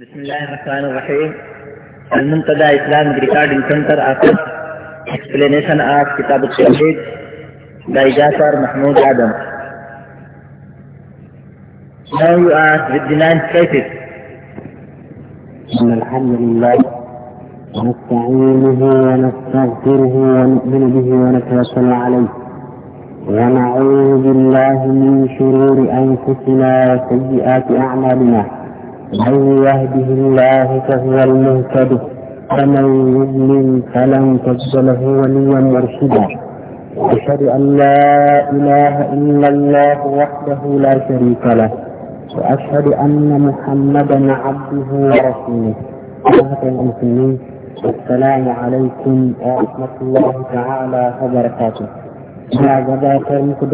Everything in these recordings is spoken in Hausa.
بسم الله الرحمن الرحيم المنتدى Islamic Recording Center offers explanation of Kitab al-Tawheed by Jafar Mahmoud Adam. Now you are with the ninth cases. إن الحمد لله نستعينه ونستغفره ونؤمن به ونتوكل عليه ونعوذ بالله من شرور أنفسنا وسيئات أعمالنا من يهده الله فهو المهتد ومن يظلم فلن تجد له وليا مرشدا أشهد أن لا إله إلا الله وحده لا شريك له وأشهد أن محمدا عبده ورسوله أهلا المسلمين السلام عليكم ورحمة الله تعالى وبركاته. Ya gabatar muku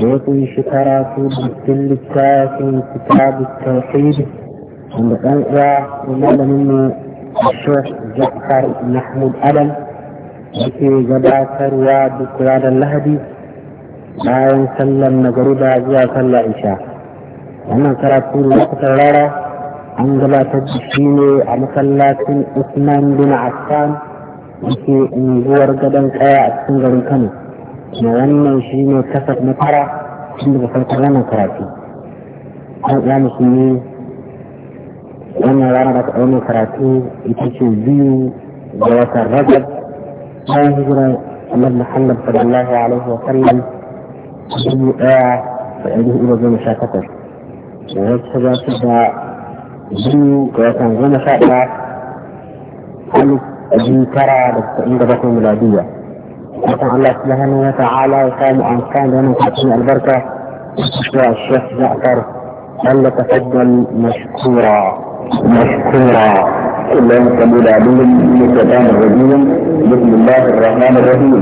يوتي شكراتي بكل كافي كتاب التوحيد من الأنقرة ومعنى منه الشيخ جعفر محمود أدم بكي جدا سروا بكراد اللهدي لا ينسلم نقربا زيا صلى عشاء أنا كراتي لقطة لارا أنجلا تجشيني أنا صلاتي عثمان بن عفان بكي أن يزور قدم كاية أتنغل كمي ما يشري من كسر مطرة كل بسرطة لنا كراتي أو يعني سمي وانا وردت عمي كراتي يتشي الزيو جواس الرجب أو هجرة أمد محمد صلى الله عليه وسلم يجب إيه فأيديه إلى زي مشاكتر وهيك سجا سجا زيو جواس الرجب قالوا أجي كرا بس إنت بكم ملادية نسأل الله سبحانه وتعالى يقام أنقاذ ومن تحسن البركة مستشفى الشيخ جعفر فليتفضل مشكورا مشكورا اللهم صل على من الشيطان الرجيم بسم الله الرحمن الرحيم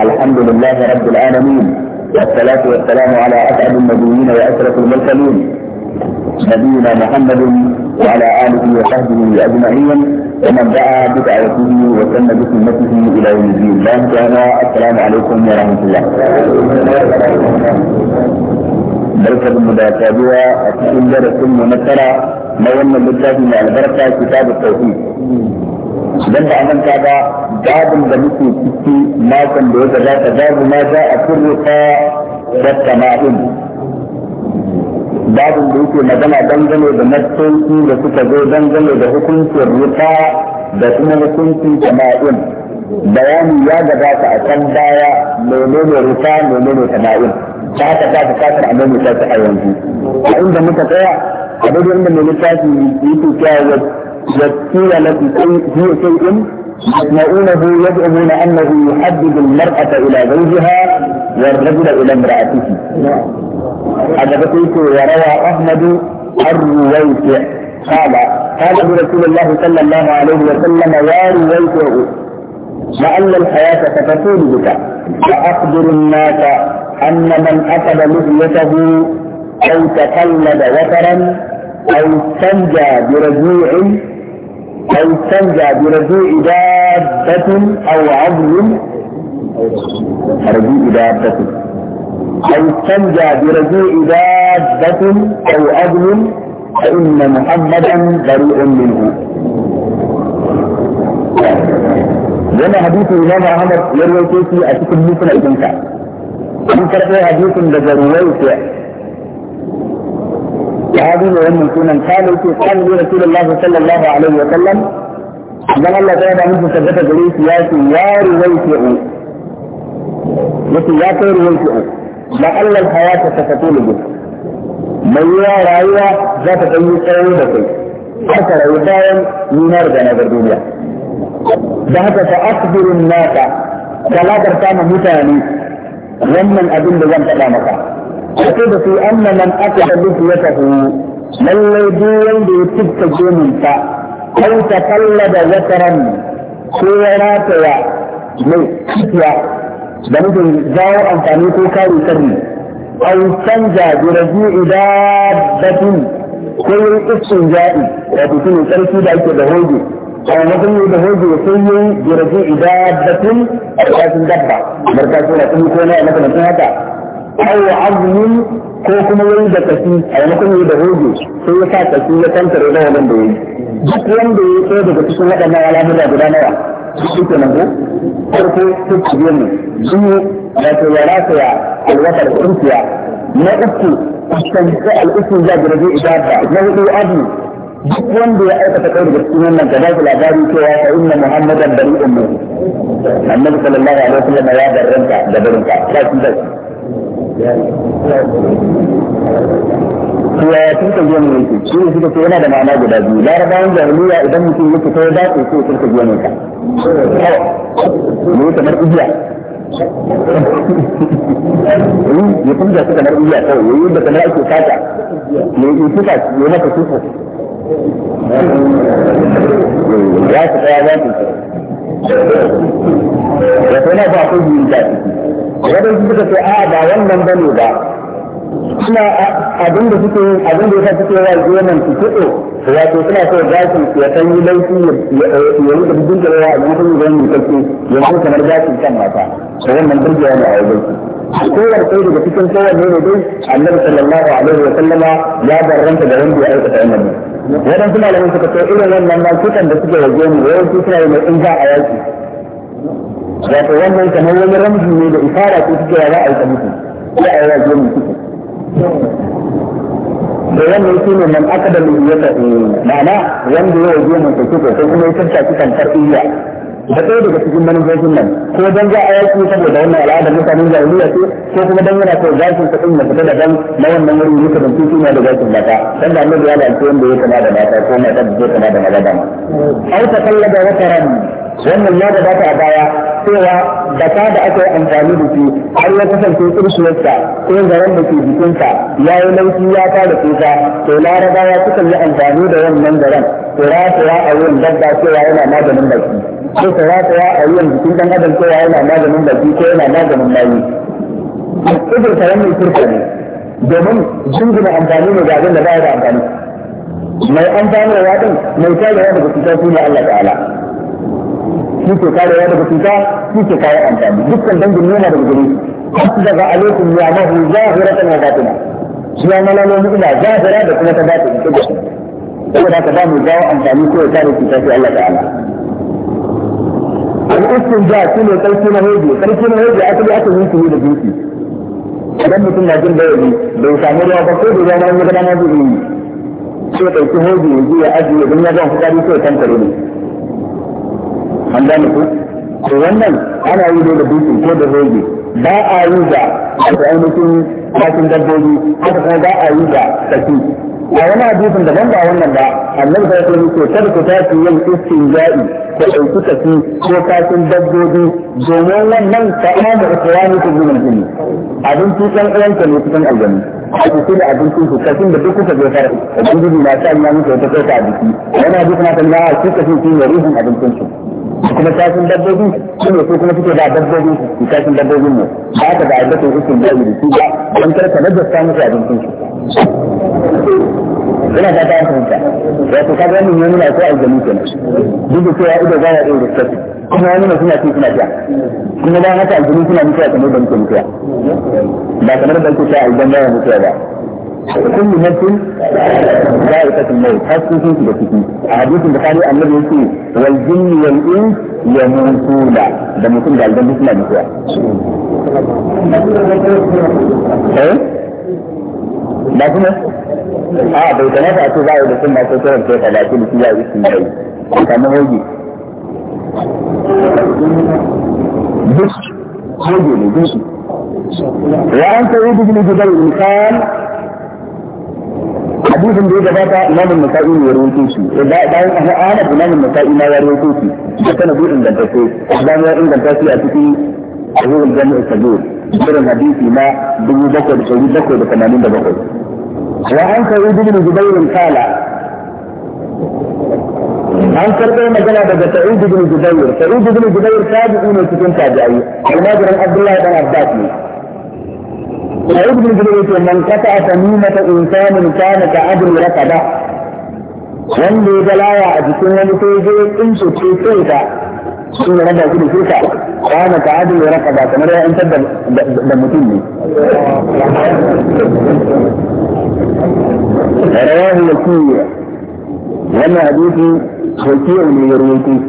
الحمد لله رب العالمين والصلاة والسلام على أسعد النبيين وأشرف المرسلين نبينا محمد وعلى آله وصحبه أجمعين ومن دعا بدعوته وسن بسنته الى يوم الدين لا كان السلام عليكم ورحمه الله بركه المداتابيه اتكلم درس ممثلا ما يمنع بالله من البركه كتاب التوحيد لما da هذا ka ga gabin ما muke ciki makon da wata za ta gabu ma za babin da yake magana dangane da nassoci da suka zo dangane da hukuncin rufa da kuma hukuncin tama'in bayani ya gabata a can baya menene rufa menene tama'in ta haka ta fi kasar a mai ta a yanzu a inda muka tsaya a daidai inda mai littafi yake cewa ya tsira na sai ma'unahu ya shay'in يسمعونه يزعمون انه يحدد المراه الى زوجها والرجل الى امراته بقيت وروى أحمد الرويسع قال قال رسول الله صلى الله عليه وسلم يا رويسع لعل الحياة ستفوز بك فأخبر الناس أن من أخذ لحيته أو تقلد وترا أو استنجى برجوع أو استنجى برجوع دابة أو عظم رجوع دابة أو استنجى برجوع دابة أو أبل فإن محمدا بريء منه لما حديث الإمام أحمد يروي كيسي أتكم بيكم أجنكا من كرأي حديث بجروي كيسي هذه هو من كون انسانه في قام رسول الله صلى الله عليه وسلم إن الله تعالى منذ ثبت جليس ياتي يا رويتعو يا رويتعو لعل الحياة ستطول بك من يرى رأيها ذات أي سرعي بكي حتى لو كان ينار جنب الدنيا ده فأخبر الناس فلا ترتام متاني ومن أدل لم تقامك أكيد في أن من أكل لحيته لن دون بيتبت جنونك أو تقلد وترا سورة ليس da nufin jawo amfani ko kare sani. aw canja bi rabi'i dabbatin ko yin iskin ja'i wato shi ne sarki da ake da hoge a wajen da hoge sai yin bi rabi'i dabbatin a ƙarƙashin dabba kamar ka tura kuma ko na makamancin haka aw azumin ko kuma yin da kashi a wajen da hoge sai ya sa kashi ya tantare da wannan da yayi duk wanda ya tsaye daga cikin waɗannan da guda nawa duk kenan ko farko ta ciye ne biyu wato ya rataya alwatar tsinkiya na uku kusanci al'usun zagirabe ibada na hudu abu duk wanda ya aikata kai daga cikin wannan ka bashi labari cewa fa inna muhammadan bari'un min annabi sallallahu alaihi wasallam ya barranta da barinka ba shi da to ya tunta gemu yake shi ce yana da ma'ana guda biyu larabawan jahiliya idan mutum ya fita ya dace sai ya ka ne kamar igiya ya su kamar igiya kawai da kamar ake fata ne yi ya su za su kuma ba ku biyu da ciki wadda suka ce a ba wannan bane ba suna abin da suke yin abin da yasa suke wa gonan su kudo wato suna so su ya san yi laifi ya yi da bidin da yawa a cikin gidan mu kake yanzu kamar gashin kan mata to wannan burgewa ne a wajen su kowane sai daga cikin kowanne ne dai annabi sallallahu alaihi wa sallama ya barranta da wanda ya aikata annabi wadansu malamin suka ce irin wannan ma kitan da suke waje mu su suna yi mai inga a yaki wato wannan kamar wani ramji ne da isara ko suke yawa a yi ta mutu ko a zuwa wa da wannan shi ne man aka da mai yata ma'ana wanda ya waje mai sauki ko kuma ya tarta ki kan tarbiyya da ɗaya daga cikin manufofin nan ko dan za a yaki saboda wannan al'adar mutanen jahiliya ce ko kuma dan yana kai gashin ka ɗin ta da dan na wannan wuri ne kadan su ne da da mata dan da annabi ya lalace wanda ya kama da mata ko mata da ya kama da maza dama. Ai ta kallaba wataran wannan ya gabata a baya cewa baka da aka yi amfani da shi har ya kasance kirshiyarsa ko zaren da ke jikinsa ya yi lauki ya ta da kusa to larabawa sukan yi amfani da wannan zaren to rataya a wurin dabba cewa yana maganin baki ko ta rataya a wurin jikin dan adam cewa yana maganin baki ko yana maganin bayi al'udur ta wannan kirka ne domin jingina amfani ne ga abin da ba da amfani mai amfani da wadin mai kyau da yadda ba su tafi ne Allah ta'ala shi ke karewa daga cuta shi ke kayan amfani dukkan dangin nuna daga gare shi kasu daga alaikum ya mahu zahiratan wa batina shi ya malalo mu'ila zahira da kuma ta batina ta gashi saboda haka ba mu jawo amfani ko ya kare cuta sai Allah ta'ala al-istinja shi ne sarki na hoji sarki na hoji asali aka yi shi da jinsi idan mutum na jin bayani bai samu ruwa ba ko da ruwa na wani gudana zai yi sai ɗauki hoji ya je ya ajiye don ya zan fitari sai ya kankare ne an gane ku to wannan ana yi da dutse ko da zobe ba a yi da wato ainihin kashin dabbobi haka kuma ba a yi da tsaki a wani hadisin daban ba wannan ba annabi sai ya ce ta ku tafi yin istinja'i ko ɗauki tsaki ko kashin dabbobi domin wannan ta'amu ikrami ku zuwa jini abinci ɗan uwanka ne cikin aljanna ake sai da abincin su kafin da duk kuka je fara ubangiji na sa ina muku wata kai ta abinci wani abincin kuma ta nuna a cikin kafin sun yi rufin abincin su kuma kashin dabbobi shi ne su kuma suke da dabbobi su kashin dabbobin mu ba ka da albatun ikin da yi su ba don karka lajasta musu abincin su ina ta ta fahimta wato kaga wannan ya nuna ko aljanu kenan duk da cewa ido baya da rikici kuma ya nuna suna ci suna ta kuma ba haka aljanu suna mutuwa kamar da muke mutuwa ba kamar da kuke aljan baya mutuwa ba kullu nafsin za'iqatul maut har sun sun da ciki a hadisin bukhari annabi yake wal jinni wal ins yamutuna da mutum da aljanna suna mutuwa eh ba a bai kamata a ce za a da sunna ko kiran kai talatin shi ya yi sun yi duk ne بن جبير قال hadisin da ya gabata imamun nasa'i ne ya rawaito shi bayan an ana imamun nasa'i ma ya rawaito shi da kana zo inganta shi dan ya inganta shi a cikin ahwal jami'u sabir irin hadisi na dubu bakwai da ɗari bakwai da tamanin da bakwai wa an kai ibn jubair kala an karɓo magana daga sa'id ibn jubair sa'id ibn jubair tabi'i ne cikin tabi'i almajirin abdullahi dan abbas ne وعيد من جلوية من قطع تميمة إنسان كان كعبد كعدل ركبة وانده دلايا جسون ونسيجي انسو تشيكيكا سن ربا كده فيكا كان كعبد كعدل ركبة تمرى انت بمتيني رواه الوكية وانا حديثي خلقية من يرويكي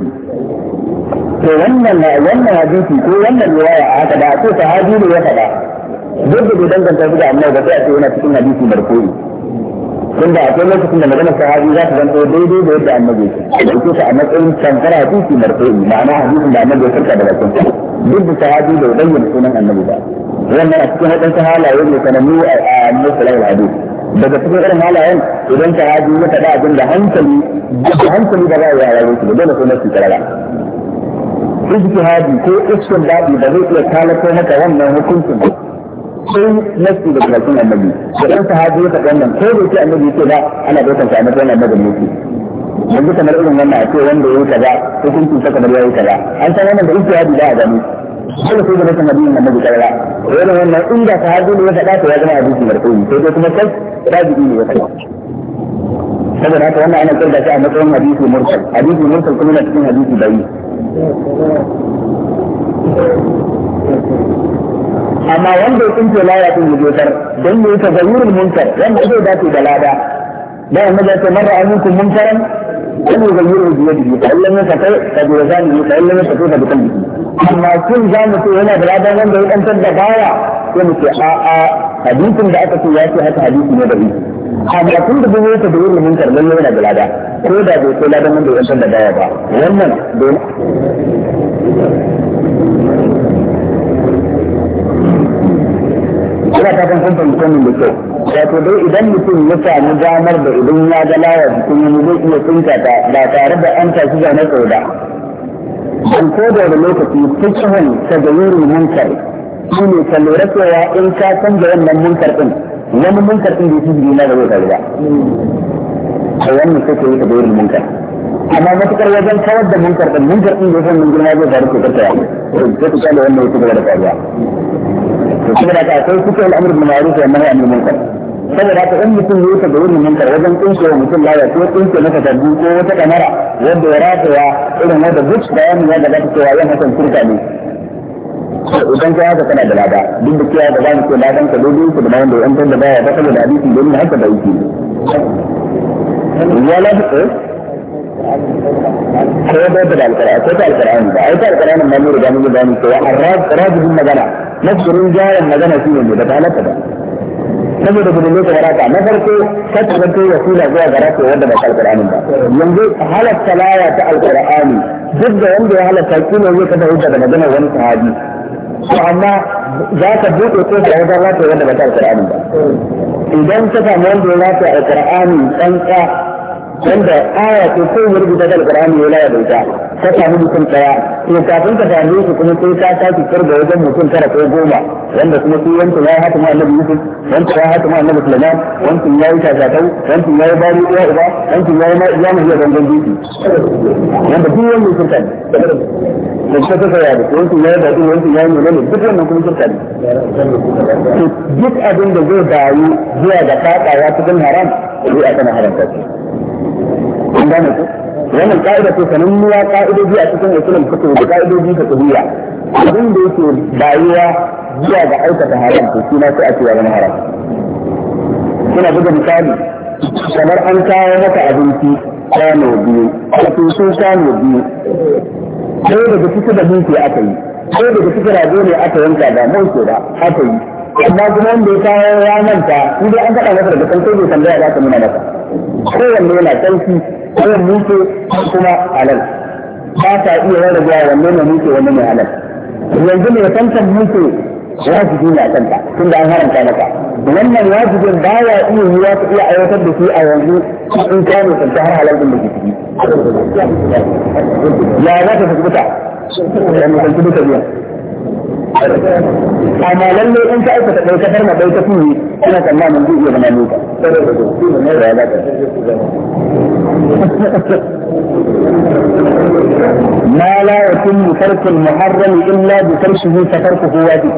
ko wannan na wannan hadisi ko wannan riwaya aka da ko ta hadisi ne ya faɗa duk da bai danganta shi da annabi ba sai a ce yana cikin hadisi marfu'i tunda akwai lokacin da maganar sahabi za ta zanto daidai da yadda annabi ya dauke ta a matsayin tamkar hadisi marfu'i ma'ana hadisin da annabi ya farka da bakin duk da sahabi bai bayyana sunan annabi ba wannan a cikin waɗansu halaye ne sanannu a annabi sallallahu alaihi daga cikin irin halayen idan sahabi ya faɗa abin da hankali da hankali da za a yi a rayuwar da dole sunan su karara ijtihadi ko iskin daɗi da zai iya talako maka wannan hukuncin sai nasu da bakin annabi da ɗan sahabi ya faɗi wannan ko da yake annabi yake ba ana ɗaukar shi a matsayin annabi ne yanzu kamar irin wannan a ce wanda ya yi kaza hukuncin sa kamar ya yi kaza an san wannan da yake yadi da a gani dole sai da nasu hadisin annabi karara wannan in da sahabi ne ya faɗa to ya zama hadisi marfu'i sai dai kuma kai rabi'i ne ya faɗa saboda haka wannan ana kirga shi a matsayin hadisi mursal hadisi mursal kuma na cikin hadisi bai amma wanda ya tsince laya din ya jotar don ya yi tagayyurin munkar wanda zai dace da lada da annabi ya ce mara aminkum munkaran wani yugayyiru biyadihi fa illam yastati fa bi lisanihi fa illam yastati fa bi qalbihi amma kun za mu ce yana da ladan wanda ya dantar da baya sai mu ce a a hadisin da aka ce ya ce haka hadisi ne da ni amma kun da zai ta dole mun karban yana da lada ko da bai ko ladan wanda ya dantar da baya ba wannan dole kafin fatan kun min da kyau wato dai idan mutum ya samu damar da idan ya ga lawa jikin wani zai iya tsinka ta ba tare da an tashi ga na tsoda. an ko da wani lokaci fikihun ta gayyuri munkar shi ne ka lura cewa in ka da wannan munkar din wani munkar din da yake jiri na da zai karya. a wannan sai ka yi ta gayyuri munkar amma matukar wajen kawar da munkar din munkar din da yake mun girma zai faru ko ta yawa sai ka da wannan yake da faruwa saboda haka akwai suka al'amur bin ma'ruf wa nahy anil munkar saboda haka in mutum ya ta da wurin munkar wajen kunce wa mutum lafiya ko kunce masa tabbu ko wata kamara wanda ya rataya irin wanda duk bayanin ya gabata cewa yan hakan kurta ne idan ka haka kana da lada duk da cewa da za mu ce ladan ka dole ku da bayan da yan da baya da saboda hadisi domin haka da yake ne ya lafiya هو ده بدع القرآن كيف القرآن ده أيضا القرآن ما نور جانب باني كوا الراد راد هم مجانا نفس رنجا لما جانا فيه اللي بدع لك ده نجد في الليل غراك نفر كو كتب كو وسيلة جوا غراك وده بس القرآن ده ينجي حالة صلاة القرآن ضد عندي حالة تلقين وهي كده هو ده بدنا وانت هادي amma za ka buɗe ko da wajen lafiya wanda ba ta alƙur'ani ba idan ka samu wanda ya lafiya alƙur'ani tsantsa wanda aya ce ko ya rubuta da alqur'ani wala ya rubuta ta samu mutum daya to kafin ka same shi kuma sai ka saki kirga wajen mutum tara ko goma wanda kuma su wanda ya hatu ma annabi yusuf wanda ya hatu ma annabi sulaiman wanda ya yi shakatau wanda ya yi bari uwa uba wanda ya yi ma iya mahiya gangan biki wanda duk wanda ya kirka ne da ta ta saya da wanda ya yi bari wanda ya yi mulani duk wannan kuma kirka ne duk abin da zai bayu zuwa ga fadawa cikin haram zai a kana haramta shi an gane ku wannan ka'ida ce sananniya ka'idoji a cikin usulun suke da ka'idoji ta tsohiya abin da yake bayuwa zuwa ga aikata haram to shi na sai a ce ya zama haram suna buga misali kamar an kawo maka abinci kwano biyu a sun kwano biyu sai daga cikin da minti aka yi sai daga cikin rago ne aka yanka da man ke da aka yi amma kuma wanda ya kawo ya manta shi dai an faɗa masa daga kan sai bai tambaya za ka nuna masa kowanne yana tsarki ko mutu kuma halal ba ta iya rarrabewa wanne ne mutu wanne ne halal yanzu mai tantan mutu wajibi na kanta da an haramta maka wannan wajibin ba ya iya yiwa ta iya aiwatar da shi a yanzu in ka ne kanta har halal din da ke ciki ya za ta fuskanta ya mutunci duka biyan amma lalle in ka aikata ɗauka har na ɗauka su ne ina tsammanin zai iya zama loka. ما لا يتم ترك المحرم إلا بتركه فتركه واجب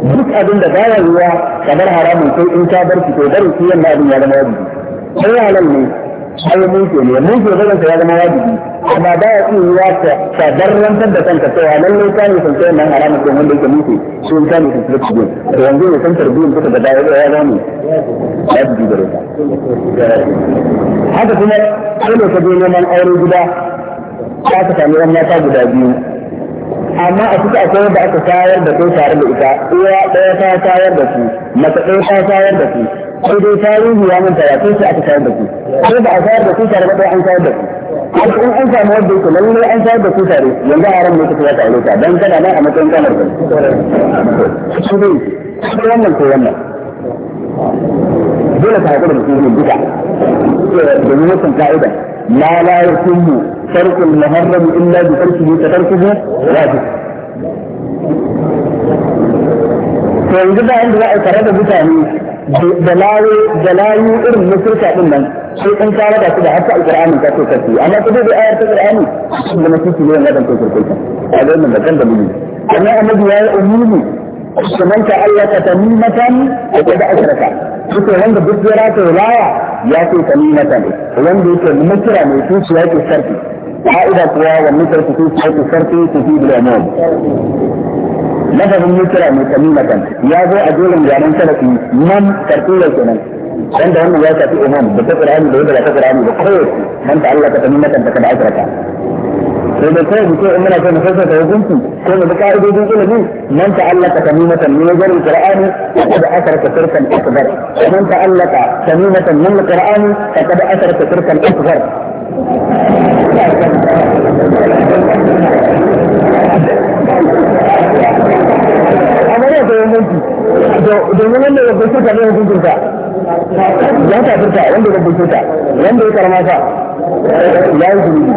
duk abin da baya yiwa kamar haramun sai in ka bar shi to barin shi yamma abin ya zama wajibi sai halal ne ai mulki ne mulki ne ya zama wajibi amma ba ya iya yiwa ka ka darrantar da kanka cewa lallai ka ne san cewa nan harama ko wanda yake mulki su ka ne san kirki ne da yanzu ne san tarbiyyar kuka da da ya zama wajibi gare ka haka kuma sai ne ka je neman aure guda ka ka sami yan mata guda biyu amma a cikin akwai wanda aka tayar da kai tare da ita uwa ɗaya ta tayar da su mace ɗaya ta tayar da su sai dai tarihi ya manta ya kai shi aka tayar da ku sai ba a tayar da ku tare ba an tayar da ku har in an samu wanda yake lallai an tayar da ku tare yanzu a ran ne kuka ya tare ta dan kana nan a matsayin kamar ba shi dai shi wannan ko wannan dole ka haɗu da mutum duka domin mutum ka'ida la la yakunnu tarkul muharram illa bi tarkihi ka tarkuhu wajib to yanzu ba inda za a tare da mutane da lawo da layu irin na shirka din nan sai an kawo da su da hatta alqur'ani ka to kafi amma ko da ayar ta alqur'ani da mutum ne wannan to kirkai a ga nan da kan da mu amma annabi ya yi umumi kuman ka Allah ka tamimatan da kada asraka kuke wanda duk ya rata laya ya ce tamimatan wanda yake mutira mai tuciya ke sarki ka'ida kuwa wannan sarki tuciya ke sarki tufi bil amam lafazin mutura mai tamimatan ya zo a jerin zanen salafi man tartiya kenan wanda wannan ya shafi imam da ta qur'ani da yadda ta qur'ani da kowace man ta Allah ka tamimatan ta kada aikrata sai da kawai mutum in muna so mu sassauta hukunci ko mu bi ka'idodin ilimi man ta Allah ka tamimatan min jarin qur'ani kada asarka sirkan akbar man ta Allah ka tamimatan min qur'ani kada asarka sirkan akbar Thank you. yana da yanzu domin wanda ya gusa ka zai ya ta furta wanda ya gusa wanda ya karama ka ya yi zunubi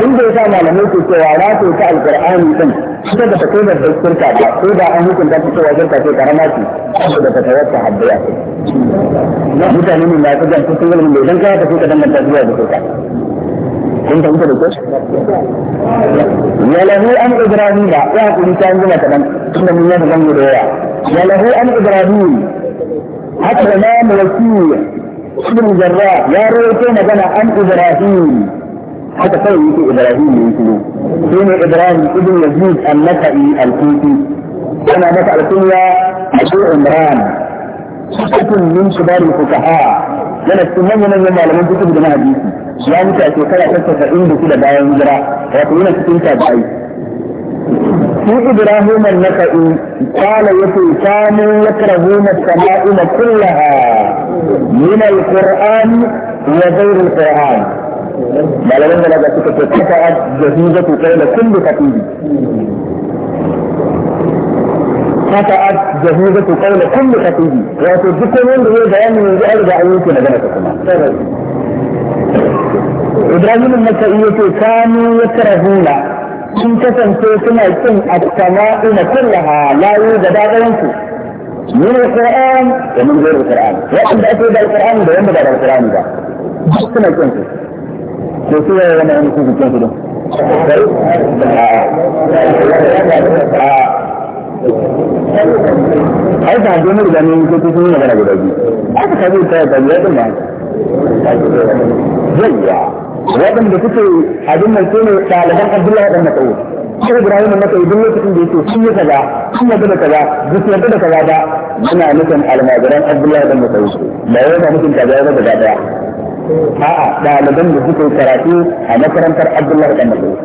tun da ya sa malamai ke cewa rafe ta alkur'ani din ita da ta kai da shirka ba ko da an hukunta ta cewa shirka ce karama ce da ta tawar ta haddaya mutane ne masu jan cikin wani mai zan kaya ta ce ka zuwa da shirka kun fahimta da ko ya lahu an ibrahim ya hakuri ta yanzu kaɗan tun da mun yi zan gudu ya ya lahu an ibrahim haka da na mulki ibn jarra ya rawaito magana an ibrahim haka kawai yake ibrahim ne yake shi ne ibrahim ibn yazid an-nasa'i al-kufi ana masa al-kunya abu imran sukatun min kibar fuqaha yana cikin manyan manyan malaman fiqh da na hadisi ya mutu a shekara ta saba'in da shida bayan hijira wato yana cikin tabi'ai في إبراهيم النخعي قال يتي كانوا يكرهون الشمائل كلها من القرآن وغير القرآن ما لم يكن لك تتكتعد جهيزة كيل كل خطيب رفعت جهوزة قول كل خطيبي وفي الدكتورين هي بيان من ذي أرجع يوتي لجنة إبراهيم المسائية كانوا يكرهون إن كسن سيكون السن السماء كلها لا يوجد هذا ينسو من القرآن ومن غير القرآن وأن بأسوا بالقرآن بيان بعد القرآن ذا بسنا الكنسو سيكون يوم أن يكون الكنسو ده ai ta ga mu da ne ko kuma ne magana guda biyu ta kaje ta ta ya din ba zayya waɗanda suke abin nan su ne ɗaliban Abdullahi ɗan Mas'ud Sai Ibrahim maka idan lokacin da yake sun yi kaza, sun yi da kaza, duk yadda da kaza ba, muna nufin almajiran Abdullahi ɗan Mas'ud. Ba wai ba nufin kaza ya da daya. a'a ɗaliban da suka yi karatu a makarantar Abdullahi dan Mas'ud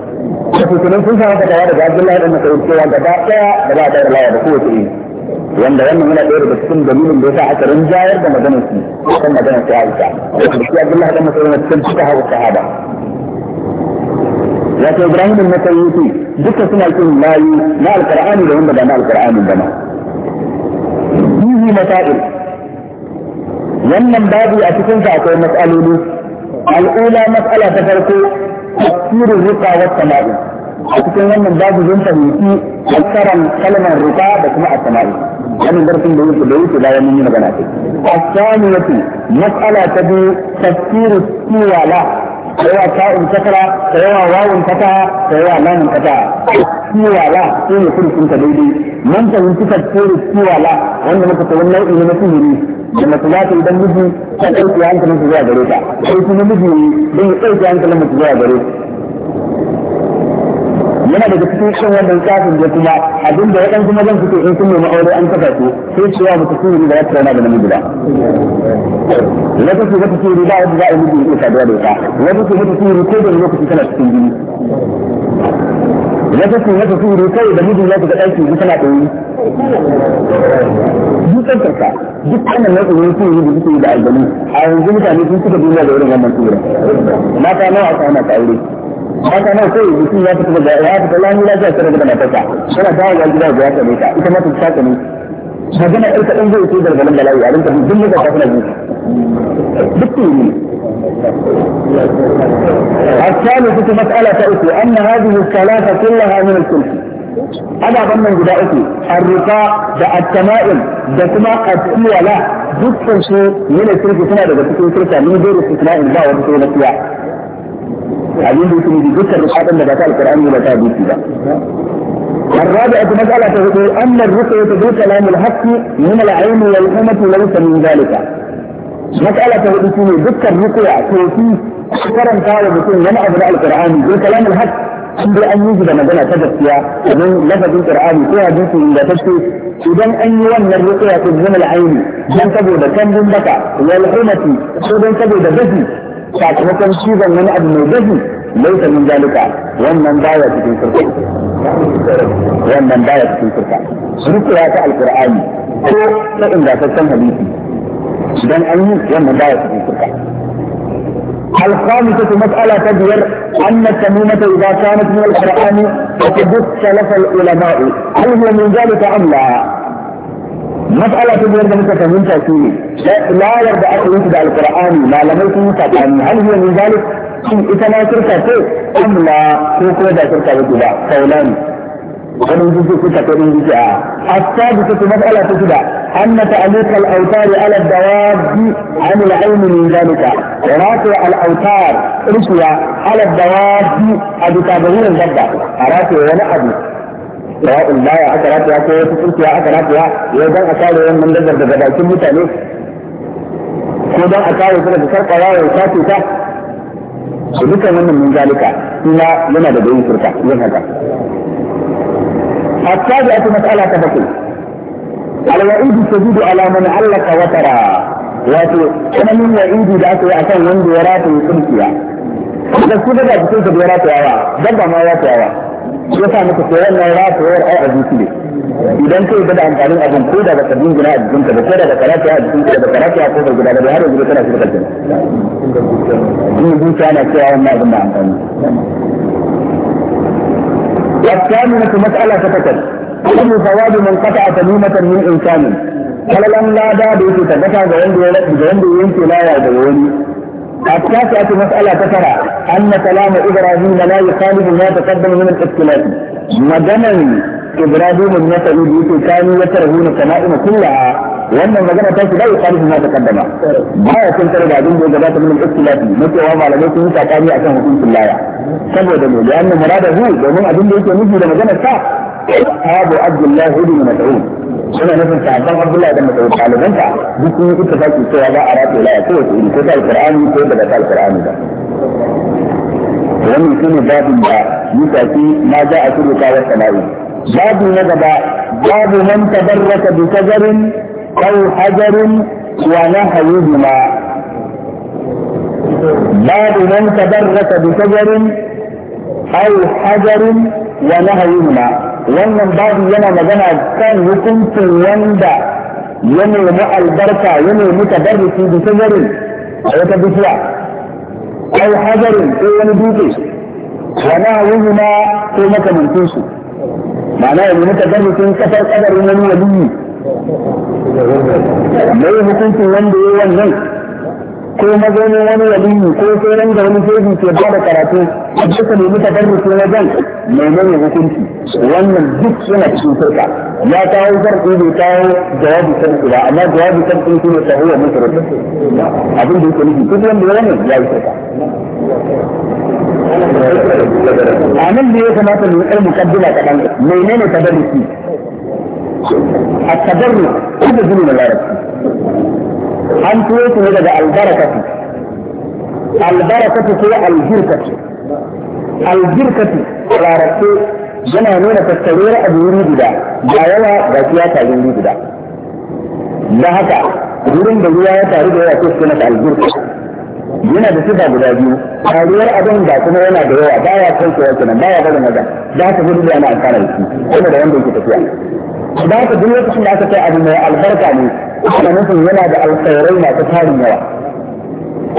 kuma sun samu fatawa daga Abdullahi dan Mas'ud cewa gaba ɗaya da ba ta rawa da kowace iri wanda wannan yana ɗaya daga cikin dalilin da ya sa aka rinjayar da maganar su kan maganar su Aisha da shi Abdullahi dan Mas'ud na cikin suka hawa sahaba wato Ibrahim bin Masayyuti duka suna kin layu na alqur'ani da wanda ba na alqur'ani ba ma. Yihi masa'il wannan babu a cikin sa akwai mas'aloli al'ula mas'ala ta farko tafsirin ruqa wa sama'i a cikin wannan babu zan fahimci aksaran kalmar ruqa da kuma a samai wannan darasin da yake da yake da yamin magana ce as-saniyatu mas'ala ta biyu tafsirin siwala da ta in takara da yawa wawun kasa da yawa lamun kasa kiwala su ne kurkun ta daidai mun fahimci tafsirin kiwala wanda muka tsaye nau'i ne na sihiri da mace za ta idan miji ta ɗauki hankalin su zuwa gare ta sai kuma miji ne don ya ɗauki hankalin mace zuwa gare yana daga cikin shan wannan tsafin da kuma abin da waɗansu mazan suke in sun nemi aure an kafa su sai cewa mutu sun yi da wata rana da namiji ba wata su wata ce riba wata za a yi mutu ya saduwa da ita wata su wata ce yi da lokaci tana cikin jini wata su wata ce yi da mijin ya shiga ɗaki ji tana ɗoyi dukkan karka duk wannan tsoron sun yi da suke yi da aljanu a yanzu mutane sun suka duniya da wurin wannan tsoron mata nawa aure haka nan sai mutum ya fita daga ya fita lamu ya zai tsara daga matarsa yana dawo ya gida ya tsare ta ita ma ta tsaka ne magana ɗan kaɗan zai ce gargalin bala'i a rinka duk muka tafi na biyu duk ne الثالثة مسألة أخرى أن هذه الثلاثة كلها من الكلف أنا ظن guda uku الرقاء da التمائم da kuma الولاء dukkan su yana kirki suna daga cikin kirka ni dole su suna in ba wani sai na abin da yake ne dukkan bukatun da ba ta alqur'ani ba الرابعة مسألة تقول أن الرقية كلام الحق من العين والأمة ليس من ذلك. مسألة تقول ذكر الرقية توفي شكرا قال بكل من أبناء القرآن كلام الحق عند أن يجد مجالة تدفيا ومن لفظ القرآن في حديث إلا تدفي إذا أن يوم الرقية تجزم العين لن تبود كم بكى والحمة ودن تبود بزي sakamakon cizon wani abu mai dahi laisa min zalika wannan baya cikin shirka wannan baya cikin shirka shirka ta alqur'ani ko ta ingantaccen hadisi idan an yi wannan baya cikin shirka الخامسة مسألة تبير أن التميمة إذا كانت من القرآن فقد اختلف العلماء هل هو من ذلك أم لا؟ مسألة تبين لك من تأكيد لا يرد أكل أنت القرآن ما لم يكن تأكيد هل هي من ذلك إن إتنا تركة أم لا تركوا ذا تركة وجداء فولان وقد نجد كتا كريم جاء الثابت في مسألة كتا أن تعليق الأوتار على الدواب عن العلم من ذلك ورافع الأوتار رسوة على الدواب أبي تابعين الجدة رافع ولا أبي sawa'un baya aka rataya ko wasu tsinkiya aka rataya ya zan a kare wannan dagar daga bakin mutane ko don a kare su daga karkara ya sace ta su dukkan wannan mun zalika kuma yana da bayin shirka yin haka hatta da aka mas'ala ta bakwai alwa'idu tajidu ala man allaka watara wato tsananin wa'idu da aka yi a kan wanda ya rataye tsinkiya da su daga cikin da ya ratayawa dabba ma ya ratayawa ya sa muku sai wannan ratuwar ai a zuci ne idan kai da amfanin abin ko da baka dingina a jikinka da ko da baka rafiya a jikinka da baka rafiya ko da guda da har yanzu kana shiga kanta in zuciya na cewa wannan abin da amfani والثامنة مسألة فتكت أن ثواب من قطع تميمة من إنسان قال لم لا دابي تتبتع عند عند ينتي لا يعد التاسعة مسألة ذكر أن كلام إبراهيم لا يخالف ما تقدم من الاختلاف ما دام إبراهيم الناس يجيك كانوا يكرهون السمائم كلها وأن المجمع تاسع لا يخالف ما تقدم ما يكون ترى بعدين بوجبات من الاختلاف مثل وضع على بيت موسى كانوا يأتون في سبب سبوة دمو لأن مراده هو دمو أدن بيت موسى لمجمع الساق أبو عبد الله بن من مسعود yana nufin sahabban abdullahi da masu ɗalibanta duk sun yi ittifaki cewa za a rataye laya kowace iri ko ta alƙur'ani ko daga ta alƙur'ani ba wannan shi ne babin da mutaki ma za a shirya kawar sana'i babu na gaba babu man tabarraka bi kazarin aw hajarin wa nahayuhuma babu man tabarraka bi kazarin أو حجر ونهيهما wannan babu yana magana kan hukuncin wanda ya nemi albarka ya nemi tabarruki da shajarin a wata bishiya au hajarin ko wani dutse wa nahawuhuma ko makamantin su ma'ana ya nemi tabarrukin kasar kadarin wani waliyi mai hukuncin wanda ya wannan ko mazaunin wani waliyu ko sauran da wani shehu ke ba da karatu da ka nemi ta barrufe wajen menene hukunci wannan duk suna cikin sauka ya kawo sarki bai kawo jawabi sarki ba amma jawabi sarki shi ne sahuwa musulun abin da yake nufi duk wanda ya ne ya yi sauka a nan da ya kamata mu yi mukaddila kaɗan menene tabarruki a tabarruki ko da zuni na larabci an tuwo su ne daga albarakatu albarakatu ko aljirkatu aljirkatu rarrafe yana nuna tattarewar abu wuri guda ga yawa ga kiya tarin wuri guda da haka wurin da ruwa ya taru da yawa ko su masa aljirkatu yana da sifa guda biyu taruwar abin da kuma yana da yawa ba ya kai kowa kenan ba ya bada maza za ka gudu da yana amfana da shi kuma da wanda yake tafiya ba ka duk lokacin da aka kai abu mai albarka ne ana nufin yana da alkhairai masu tarin yawa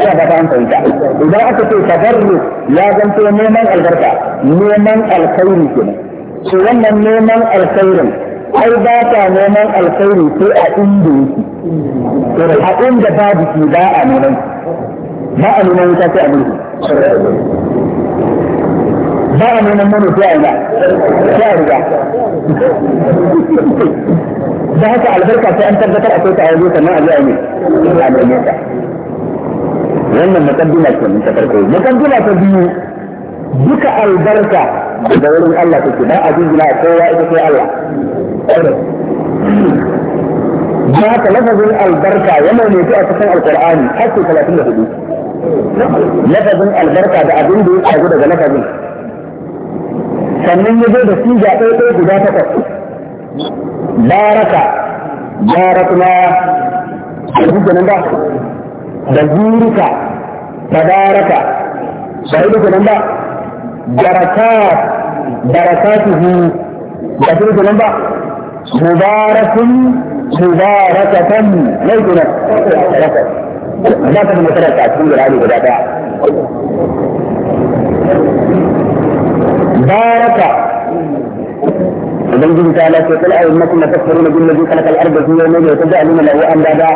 ina ba ta an fahimta idan aka ce tabarru ya zanto neman albarka neman alkhairi wannan neman alkhairin ai bata neman alkhairi sai a inda da babu shi ba a neman ba a a ba a neman mano sai a riga sai a riga da haka albarka sai an tabbatar akwai ta aure sannan a zai ne a neme ta wannan makaddima ce mun ta farko makaddima ta biyu duka albarka da wurin Allah take ba a jinjina kowa ita sai Allah ba ta lafazin albarka yana ne a cikin alkur'ani har 34 lafazin albarka da abin da ya kagu daga lafazin sannan ya zo da siga ɗaya guda takwas baraka a yanzu kenan ba da zurika ba yi kenan ba barakat barakatuhu ba yi kenan ba mubarakun mu mai kenan ba ta da masarar ta cikin guda ɗaya بارك ابن جن تعالى في طلع انكم تكفرون بالذي خلق الارض في يومين وتجعلون له اندادا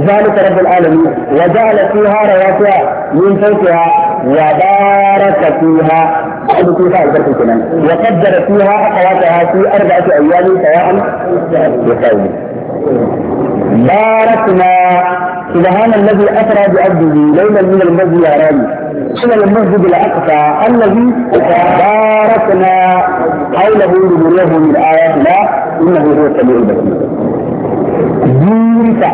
ذلك رب العالمين وجعل فيها رواسي من فوقها وبارك فيها وقدر فيها اخواتها في اربعه ايام سواء وسائل باركنا سبحان الذي اسرى بعبده ليلا من المسجد الحرام شمل المسجد الاقصى الذي باركنا حوله لنريه من ايات الله انه هو السميع البصير. ديرك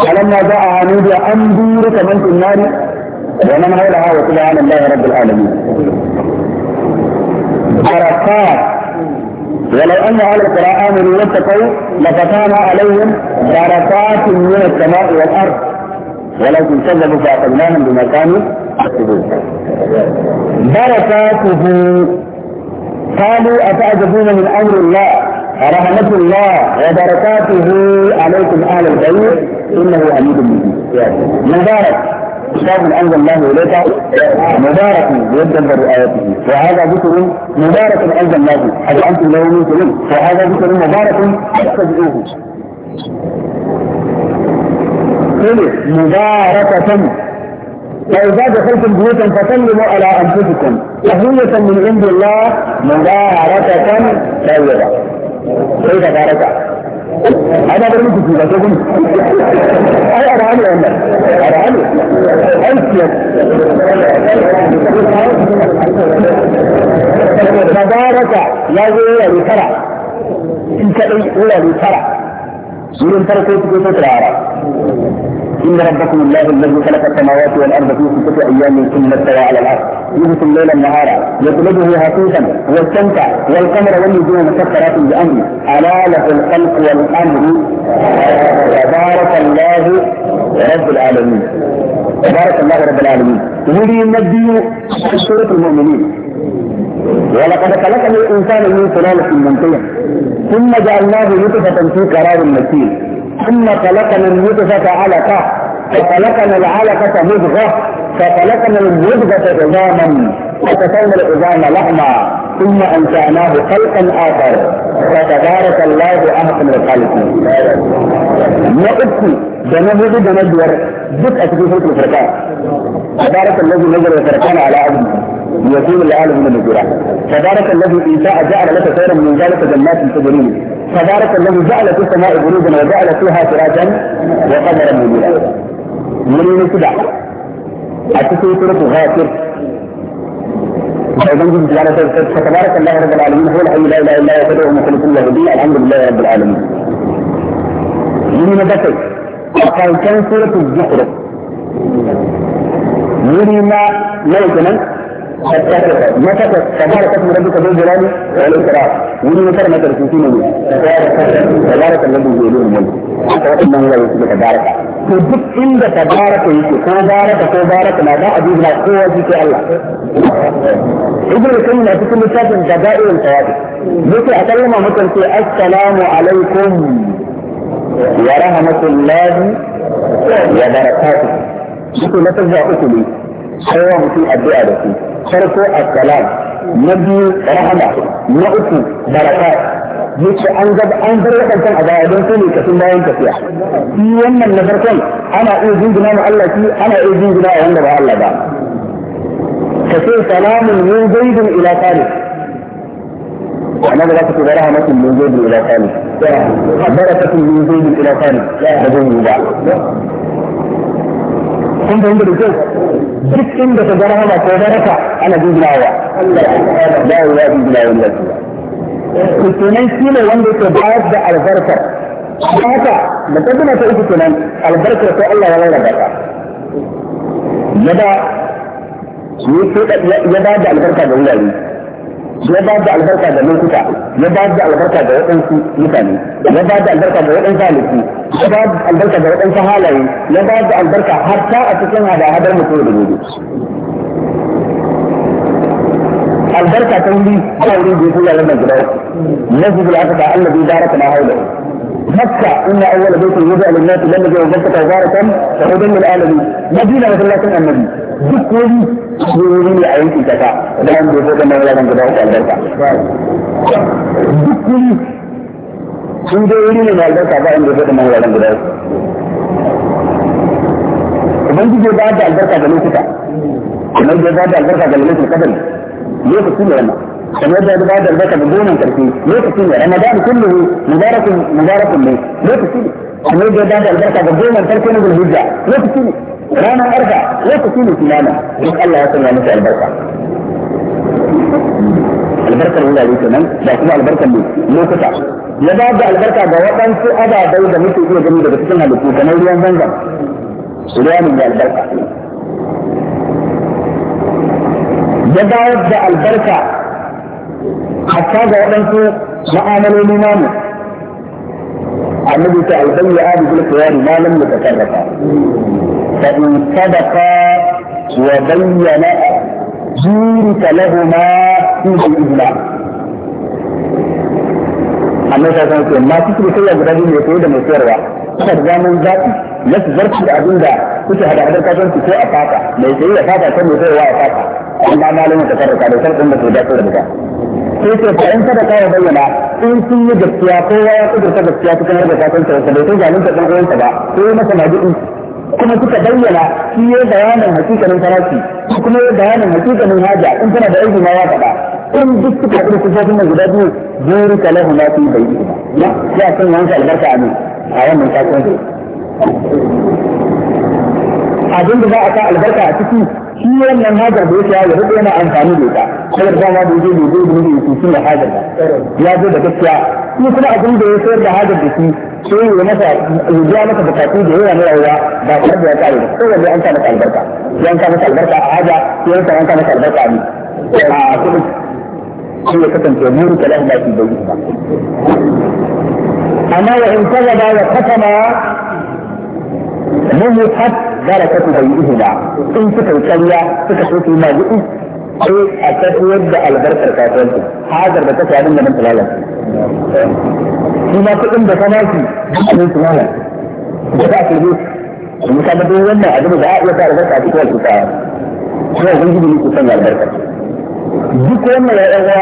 فلما جاء نودي ان ديرك من في النار ومن حولها وسبحان الله رب العالمين. بركات ولو ان اهل القرآن امنوا واتقوا لفتانا عليهم بركات من السماء والارض ولو كنت كذبوا فأخذناهم بما كانوا يكسبون بركاته قالوا أتعجبون من أمر الله رحمة الله وبركاته عليكم أهل البيت إنه حميد مجيد مبارك كتاب انزل الله اليك مبارك يدبر اياته وهذا ذكر مبارك انزل الله هل انتم لا منكرون وهذا ذكر مبارك فاتبعوه ادخلوا مباركة فإذا دخلتم بيوتا فسلموا على أنفسكم تهية من عند الله مباركة طيبة كيف باركة؟ أنا بريد في ذلك أنا علي أنا أنا علي أنت مباركة لا يوجد فرع إنت أي أولى لفرع سورة تركوا في سورة الأعراف إن ربكم الله الذي خلق السماوات والأرض في ستة أيام ثم استوى على العرش يغشي الليل النهار يطلبه حثيثا والشمس والقمر والنجوم مسخرات بأمر ألا له الخلق والأمر تبارك الله رب العالمين تبارك الله رب العالمين يريد النبي سورة المؤمنين ولقد خلقنا الانسان من سلاله منطقه ثم جعلناه نطفه في قرار مكين ثم خلقنا النطفه علقه فخلقنا العلقه مضغه فخلقنا المضغه عظاما فكسرنا العظام لحما ثم انشاناه خلقا اخر فتبارك الله احسن الخالقين na uku da na hudu da na biyar duk a cikin hukun farka يكون العالم من النجرة تبارك الذي إن شاء جعل لك خيرا من ذلك جنات تجري تبارك الذي جعل في السماء بروجا وجعل فيها سراجا من منيرا من نسبة أتسوي سورة غافر فإذن سبحانه فتبارك الله رب العالمين هو الحي لا إله إلا هو يدعو خلق الله به الحمد لله رب العالمين من بكر وقال كان سورة الزخرف من ما لو متى تبارك اسم ربك ذو الجلال والاكرام ودي متى متى تكون تبارك الذي ذو الملك haka waɗannan wurare suke tabaraka to duk inda tabaraka yake ko baraka ko baraka na ba a duba kowa jike Allah ibn kayyim a cikin littafin daba'irul tawabi yake a kallama mutum ce assalamu alaikum wa rahmatullahi wa barakatuh yake na uku ne kowa mutum addu'a da su farko assalam na biyu rahama na uku baraka yace an ga an bar wadannan a baya don sune kafin bayan tafiya shi wannan na farkon ana iya jingina ma Allah shi ana iya jingina a wanda ba Allah ba kace salamun min zaidin ila talib أنا لا تكتب رحمة من زيد إلى ثاني بركة من زيد إلى ثاني لا بدون بعض kun fahimta da kyau duk inda ka gara hama ko baraka ana jujjunawa da Allah ya jujjuna wannan to kenan shi ne wanda yake bayar da albarka haka da ta uku kenan albarkar ko Allah ya rarraba ta ya ba ya ba da albarka ga wurare ya ba da albarka da lokuta ya ba da albarka da waɗansu mutane ya ba da albarka da waɗansu halittu ya ba da albarka da waɗansu halaye ya ba da albarka har ta a cikin hada-hadar mutum da gobe albarka ta wuri ta wuri da ya fi yaran nan guda na zubi da aka ta allabi daraka na haula مكة إن أول بيت وضع للناس الذي وجدت تجارة فهدى للعالمين مدينة مثل النبي duk wani wuri a yankin kasa da an bai zai kamar yaran guda wata albarka duk wuri sun dai ne na albarka ba an bai zai kamar yaran guda ubangiji ba da albarka ga lokuta kuma ba da albarka ga lokacin kadari lokaci ne yana. الوضع ده بعد البكى بدون ترتيب ليه لان ده كله مبارك مبارك ليه ليه تسيني الوضع بعد البكى بدون ترتيب بالهجة ليه تسيني رانا ارجع ليه تسيني سنانا بس الله يصل لنا البركة البركة الأولى ليه كمان ده كده البركة ليه ليه تسع ya ba da albarka ga waɗansu ababai da muke iya gani daga cikin halittu kamar ruwan zanzan ruwa ne mai albarka ya bayar da hatta ga waɗansu ma'amaloli namu annabi ta albayya abu bil qiyam ma lam yatakarrafa fa in sadaka wa bayyana jurika lahuma fi al-ibla annabi ta ce ma kike sai guda biyu ne ko da mai sayarwa kuma riga zaɓi na su zarfi da abin da kuke hada hadar su ko a fata mai sayi da fata ko mai sayarwa a fata ba malamin ta karraka da sarɗin da ke dace da buga sai ce ta in sadaka ya bayyana in sun yi gaskiya ko ya kudurta gaskiya cikin yadda kasuwanci wasa bai san da ɗan sa ba sai masa maji'in kuma suka bayyana shi ya bayanin hakikanin farashi kuma ya bayanin hakikanin haja in tana da aiki ma ya faɗa in duk suka ɗin sufofin na guda biyu buri ka lahu na fi bai ba ya san wanka albarka a a wannan su abin da za a ta albarka a ciki shi wannan hajar da yake ya rubu yana amfani da ita kawai da ma da yake ne zai zai da shi da hajar da ya zo da gaskiya kuma kuma abin da ya sayar da hajar da shi sai ya masa ya masa bukatu da yawa na rayuwa ba kuma da ya kare ba kawai da an sa masa albarka ya an masa albarka a haja ya an masa albarka a ne a kuma. هي كتنك يديرك له ما في بيتك أما وإن كذب وختم لم يحب بركة بيئهما إن تكون كلية تكون في مالئه أي أتفوض البركة الكافرة هذا البركة يعلم من تلالة فيما تقوم بسماكي من تلالة وفاك البيت المسابقين وانا أدنوا بقاء يسار بس أتكوى هو يجب أن يكون البركة duk wannan ya yawa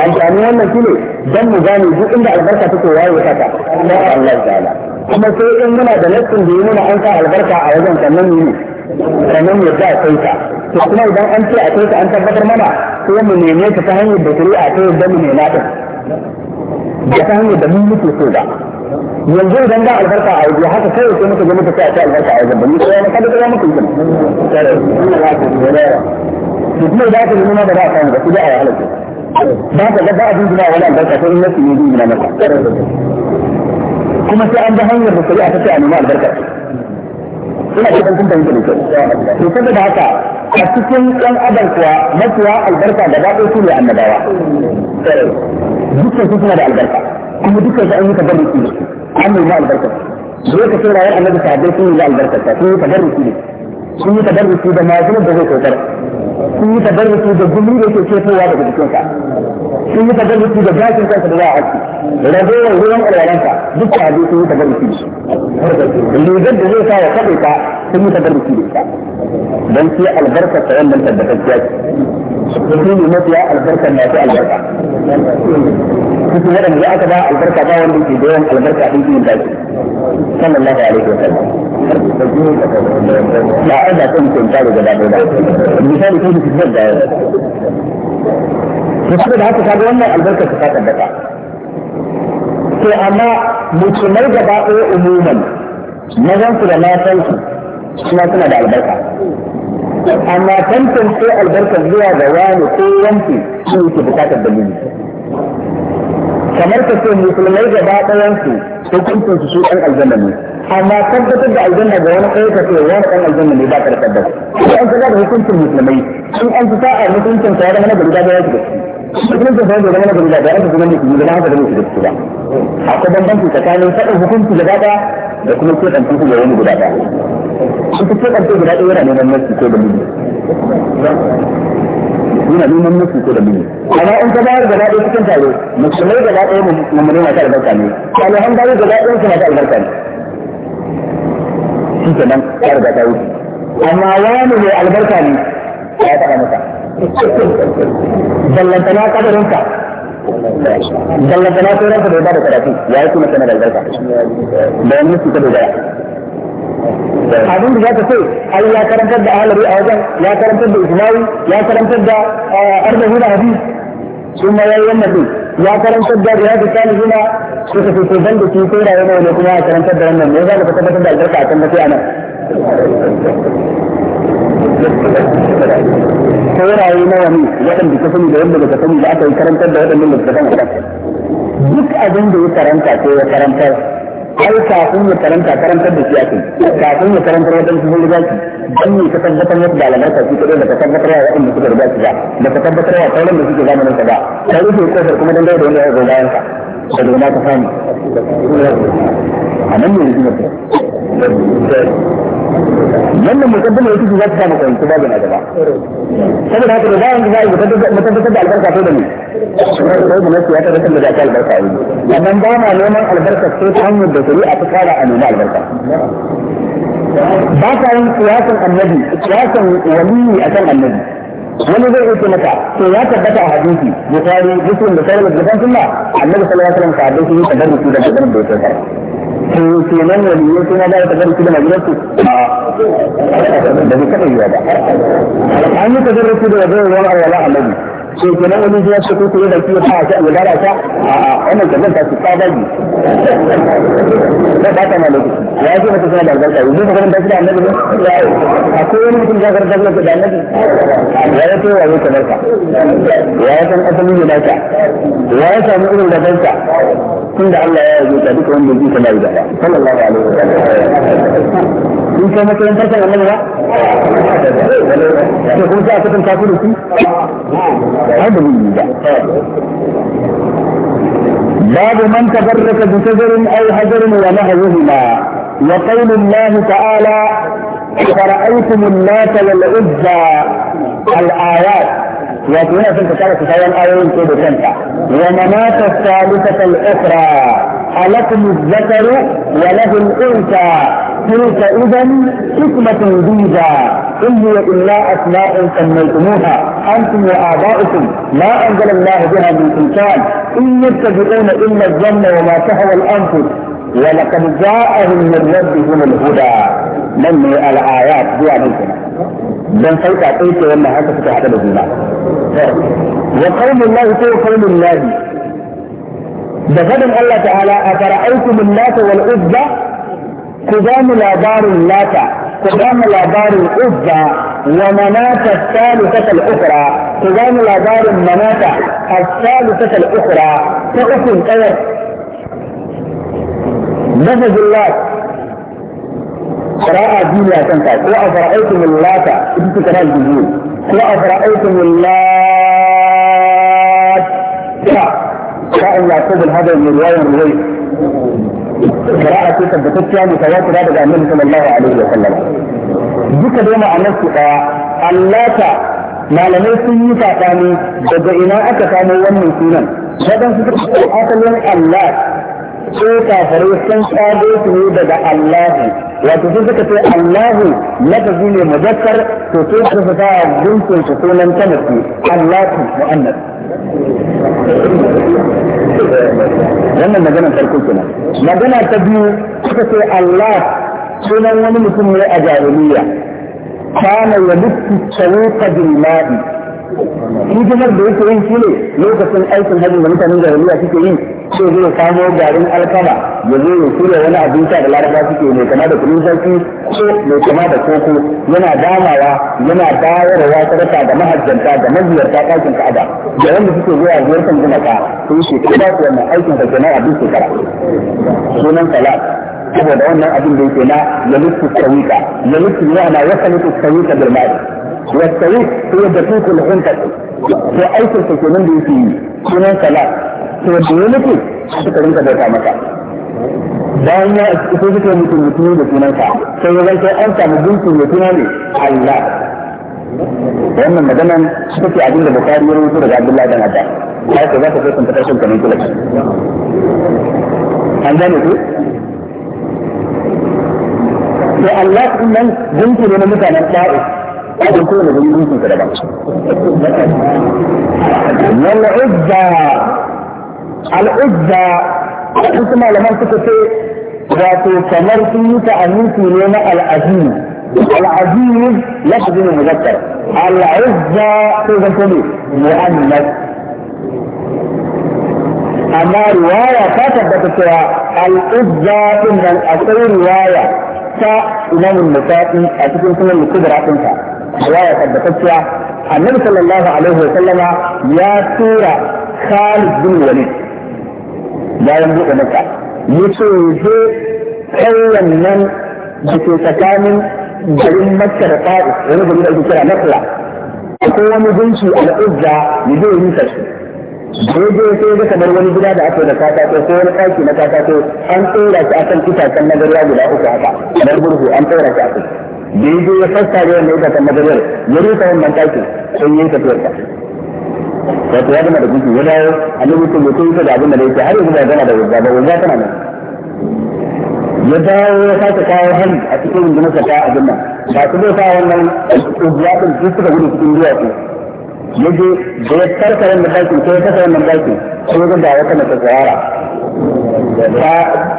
amfani wannan shine dan mu gane duk inda albarka take waye kaka dan Allah ta'ala kuma sai in muna da nassin da yana an sa albarka a wajen sannan ne sannan ya da kai ta to kuma idan an ce a kai ta an tabbatar mana sai mu neme ta ta hanyar da shari'a ta yadda mu nema ta ba ta hanyar da mun muke so ba yanzu idan da albarka a waje haka kai sai muka ga muka ce a albarka a wajen ba ni sai na kada kada muku yi to kuma da aka nuna ba za a samu ba ku da a wahala ba ka ga ba a jinjina wala albarka ko in nasu ne jinjina maka kuma sai an ga hanyar da shari'a ta ce a nuna albarka ina da kun fahimta ne to saboda haka a cikin ɗan adam kuwa mafiya albarka da ba su ne annabawa dukkan su suna da albarka kuma dukkan su an yi tabarruki ne an nuna albarka lokacin rayuwar annabi sahabbai sun yi albarka sun yi tabarruki ne sun yi tabarruki da mazinin da zai kyautar sun yi tabarruki da gumi da ke cefowa daga jikinka sun yi tabarruki da gashin kansa da za a haske ragowar ruwan alwalanka duk da abin sun yi tabarruki rigar da zai sa ya kaɗe ka sun yi tabarruki da ita don sai albarkar ta wannan tabbatacciya ce sun yi mafiya albarkar masu albarka cikin waɗanda aka ba albarka ba wanda ke da yawan albarka a cikin da ke sallallahu alaihi wa sallam ba a da kan kun tare da dai da misali kai da da to saboda haka kaga wannan albarka ta ta tabbata to amma mutumai gaba ɗaya umuman mazan su da matan su suna suna da albarka amma tantance albarkar zuwa ga wani ko wanki shi yake bukatar dalili kamar ka ce musulmai gaba sai hukuncin su su ɗan aljanna ne amma tabbatar da aljanna ga wani ɗaya ka ce wani ɗan aljanna ne ba ka da tabbata ko an saka da hukuncin musulmai in an fi sa'a hukuncin ka ya zama da gari da ya shiga hukuncin ka ya zama da gari da ya shiga ne kuma zama haka da mutu da su ba akwai bambanci tsakanin faɗin hukunci gaba ɗaya da kuma ce ɗan tuku ga wani guda ɗaya su ce ɗan tuku guda ɗaya yana neman nasi ko da mutu muna neman musu ko da mu amma in ka bayar gaba ɗaya cikin taro musulmai gaba ɗaya mummune masu albarka ne salihan bayi gaba ɗaya su masu albarka ne shi kenan ya riga ta wuce amma wani mai albarka ne ya taɓa masa ballantana kadarinka ballantana sauransa da ya bada karatu ya yi kuma sanar albarka da wani su ka dogara abin da za ta ce ai ya karantar da ahalari a wajen ya karantar da isma'i ya karantar da eh, arba'in hadis sun ma yayi wannan din ya karantar da riyadu salihina su ka fito ban da shi ko da yana ne kuma ya karantar da wannan ne za ka tabbatar da albarka a kan da sai anan ko rayu na wani waɗanda ka sani da yadda wanda baka sani da aka yi karantar da waɗannan da ka sani duk abin da ya karanta ko ya karantar har kafin mu karanta karantar da siyasi ake kafin mu karanta wadan su hulga ki dan ne ka tabbatar da dalalar ka shi kada da ka tabbatar da wadan suka riga ki ba da ka tabbatar da sauran da suke zamanin ka ba ka rufe kofar kuma dan dai da wanda ya bayan ka da dole ka sani a nan ne yake wannan mukaddama yake za ta samu kanku babu na gaba saboda haka da bayan da za mu da albarka to da ni sai mu nake ya tabbatar da zaka albarka a wuri wannan ba ma neman albarka sai ta hanyar da shari'a ta fara a nuna albarka ba ka yin kiyasan annabi kiyasan waliyi akan annabi wani zai yi maka to ya tabbata a hadisi bukari muslim da sauran littafan sunna annabi sallallahu alaihi wasallam sahabbai sun yi tabarruki da tabarruki da yake to kenan waliyai sun da tabarruki da majalarsu da kada yi ba an yi tabarruki da wajen ruwan Allah annabi to kenan wani zuwa su kuku da kiwo ta ta da ta a wannan gaban ta su ta bagi da ba ta malaka ya ji mata suna da albarka yanzu ba ganin da shi da annabi ne akwai wani mutum da garin da da annabi ya ya to wani kamar ka ya san asali ne da ya samu irin da kanka tun da Allah ya yi ta duka wanda yake kana da sallallahu alaihi in kai makarantar kan annabi ba to kun ta kusan kafirci باب من تبرك بشجر أو حجر ونحوهما وقول الله تعالى فرأيتم اللات والعزى الآيات وفي هنا تلك كانت تتعلم آيين كيف كنت ومناة الثالثة الأخرى ألكم الذكر وله الأنثى يذكرك اذا حكمة جديدة ان هي الا اسماء سميتموها انتم واباؤكم ما انزل الله بها من سلطان ان يتبعون الا الظن وما تهوى الانفس ولقد جاءهم من ربهم الهدى من الايات دعاء منكم من فوق اعطيت وما هكذا فتحت الهدى وقول الله هو قول الله بفضل الله تعالى افرايتم الناس والعزى قدام الابار اللاتا قدام الابار الاذى ومناتة الثالثة الاخرى قدام الابار المناتة الثالثة الاخرى تقفل قير نفذ اللات قراءة دينية تنفع قل افرأيتم اللاتة انت كنا الجزيل قل افرأيتم اللاتة قل افرأيتم اللاتة قل افرأيتم اللاتة shari'a ce tabbatacciya ne kaza kira daga annabi sallallahu alaihi wa sallam duka dai ma'anar su daya allata malamai sun yi saɓani daga ina aka samo wannan sunan su suka ce asalin allah ko kafarai sun tsago su ne daga allahu wato sun suka ce Allahu lafazi ne mudakkar to sai su fita gunkin su sunan tanafi Allahu mu'annas wannan magana farko kenan magana ta biyu suka ce Allah sunan wani mutum ne a jahiliya kana yadukku tawqa bil ma'i hidimar da yake yin shi ne lokacin aikin hajji da mutanen jahiliya suke yi so zai samo garin alkama ya zo ya shirya wani abin sha da laraba suke mai kama da kudin sarki ko mai kama da koko yana damawa yana bayarwa sadaka da mahajjanta da maziyarta ɗakin ka'aba da wanda suke zuwa ziyartar ka sun shi ba su wannan aikin da ke na abin shekara sunan salat saboda wannan abin da yake na ya lutu tsawika ya yana ya salutu tsawika bil والطريق هو دقيق العنتك في أي سلسلة من دي sunan sala to da ya nufi suka rinka bauta maka bayan ya ita suka yi mutum mutumi da sunan sa sai ya zai an samu gunkin da suna ne Allah wannan maganan suka ce abin da bukari ya rubuta daga Abdullahi dan Adda ya ce za ka sai an ku sai Allah na da kowane gari dukkan ka daban wal uzza al uzza wasu malaman suka ce wato kamar sun yi ta aminci ne na al'azim العزيز لفظ مذكر العزة تقدر تقول مؤنث amma riwaya ta tabbata cewa al'uzza din nan akwai riwaya ta imamun musafi a cikin sunan kubra ɗinsa riwaya tabbatacciya annabi sallallahu alaihi wa sallama ya tura Khalid bin Walid bayan buɗe maka yace je kauyen nan da ke tsakanin garin Makka da Ta'if wani gari da ake kira Nakla akwai wani gunki al'uzza da zai yi shi daidai sai ga kamar wani gida da aka da katako ko wani ɗaki na katako an tsira shi akan kan na gariya guda uku haka kamar burhu an tsira shi a kai da yi ya fasta da wanda ya kasan magariyar ya rusa wannan ɗakin sun yi tafiyar ta wato ya gama da gudu ya dawo a lokacin da sun yi da abin da yake har yanzu ba gana da wuzza ba wuzza tana nan ya dawo ya sake kawo hali a cikin rundunar sa ta abin nan ba su zai sa wannan wuzza su suka gudu cikin duwatsu ya je da ya tarka wannan ɗakin ko ya kasa wannan ɗakin ko ya ga wata mace tsara ta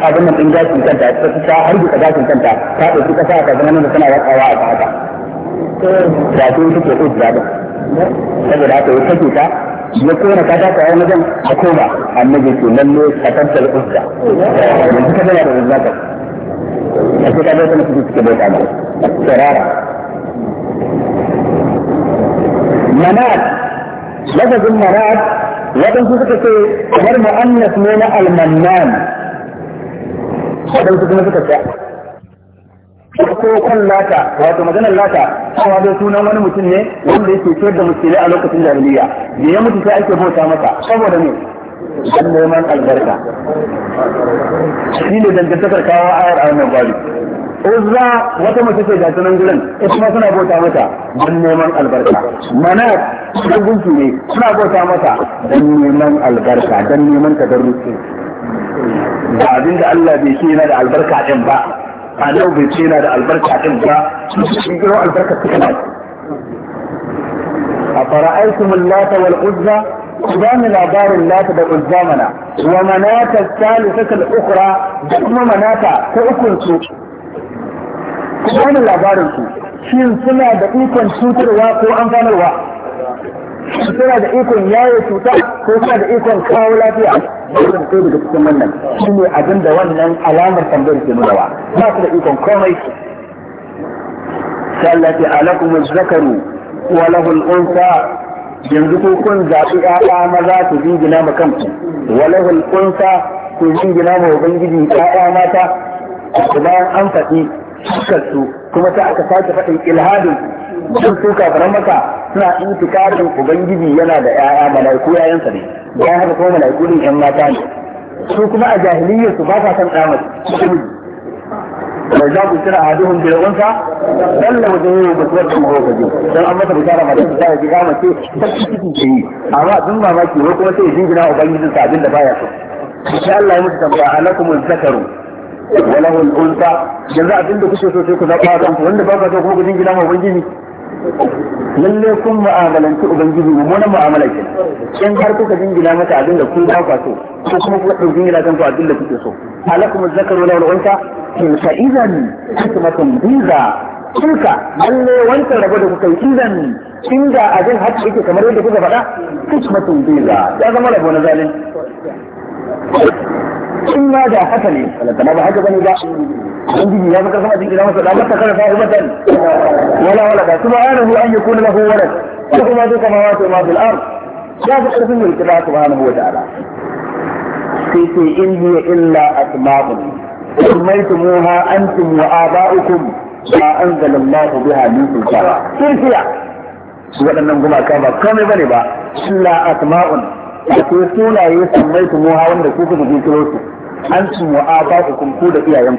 abin nan din gashin kanta ta har duka gashin kanta ta ta zama nan tana watsawa a ta ke saboda haka ya kake ta ya kona ta ta kawo wajen a koma annabi ke lalle a tantar uzza yanzu ka zama da uzzaka a ce ka zai suke bauta ba tsirara manat lafazin manat waɗansu suka ce kamar mu'annas ne na almannan waɗansu kuma suka ce ko kan lata wato maganar lata cewa dai sunan wani mutum ne wanda yake ce da musulmi a lokacin jahiliya da ya mutu sai ake bauta masa saboda me dan neman albarka shi ne dangantakar kawo ayar a wannan babu uzza wata mace ce ga sanan gurin ita ma suna bauta mata don neman albarka mana dan gunki ne suna bauta mata don neman albarka don neman tadarruci ba abinda Allah bai ce yana da albarka din ba Allah bai ce yana da albarka din ba sun giro albarka suka ba a fara'aikum lata wal uzza قدام الابار اللات دا قدامنا ومناة الثالثة الاخرى دا مناة كأكل ku bani labarin su shi suna da ikon cutarwa ko amfanarwa suna da ikon yaye cuta ko suna da ikon kawo lafiya wannan ko daga cikin wannan shi ne abin da wannan alamar tambayar ke nuna wa ba su da ikon komai sallati alakum zakaru wa lahu unsa yanzu ko kun zaɓi ƴaƴa maza ku jingina ma kanku wa lahu al-unsa ku jingina ma ubangiji ƴaƴa mata kuma an faɗi su kuma ta aka sake faɗin ilhadin sun su kafiran maka suna intikarin ubangiji yana da ƴaƴa malaiku yayansa ne ya haka kuma malaiku din ƴan mata ne su kuma a jahiliyyar su ba sa san ɗa mace da za ku tira a duhun bilgunsa dan da wajen yi da suwar kuma rokaji dan an masa bishara ma dan ta ji kama ce ta cikin ke yi amma dun mamaki ko kuma sai jingina ubangijin sa abin da baya so insha Allah ya mutu tambaya alakumul zakaru wa lahu al-unsa yanzu abin da kuke so sai ku zaba kan wanda ba ka so kuma ku jingina ma ubangiji lalle kun mu'amalanci ubangiji mummunan mu'amala ke in har kuka jingina mata abin da ku ba ku so ko kuma kuka ɗauki jingina kan ku abin da kuke so alakum zakaru lahu al-unsa tilka idan hikmatun biza tilka lalle wancan rabo da kuka yi idan inda abin haka yake kamar yadda kuka faɗa kuma tun biza ya zama rabo na zalunci in ma da haka ne kana ba haka bane ba عندي يا بكر سمعت إلى مصر لا تكره صاحبة ولا ولدا سبحانه أن يكون له ولد له ما دون سماوات وما في الأرض شاف الحسن الكبار سبحانه وتعالى في في إن هي إلا أسماء سميتموها أنتم وآباؤكم ما أنزل الله بها من سلطان كيف هي؟ سبحان الله كما كما يبني با إلا أسماء wato sunaye sammai su muha wanda ku kuka jikiro su an su mu'aba ku kun da iyayen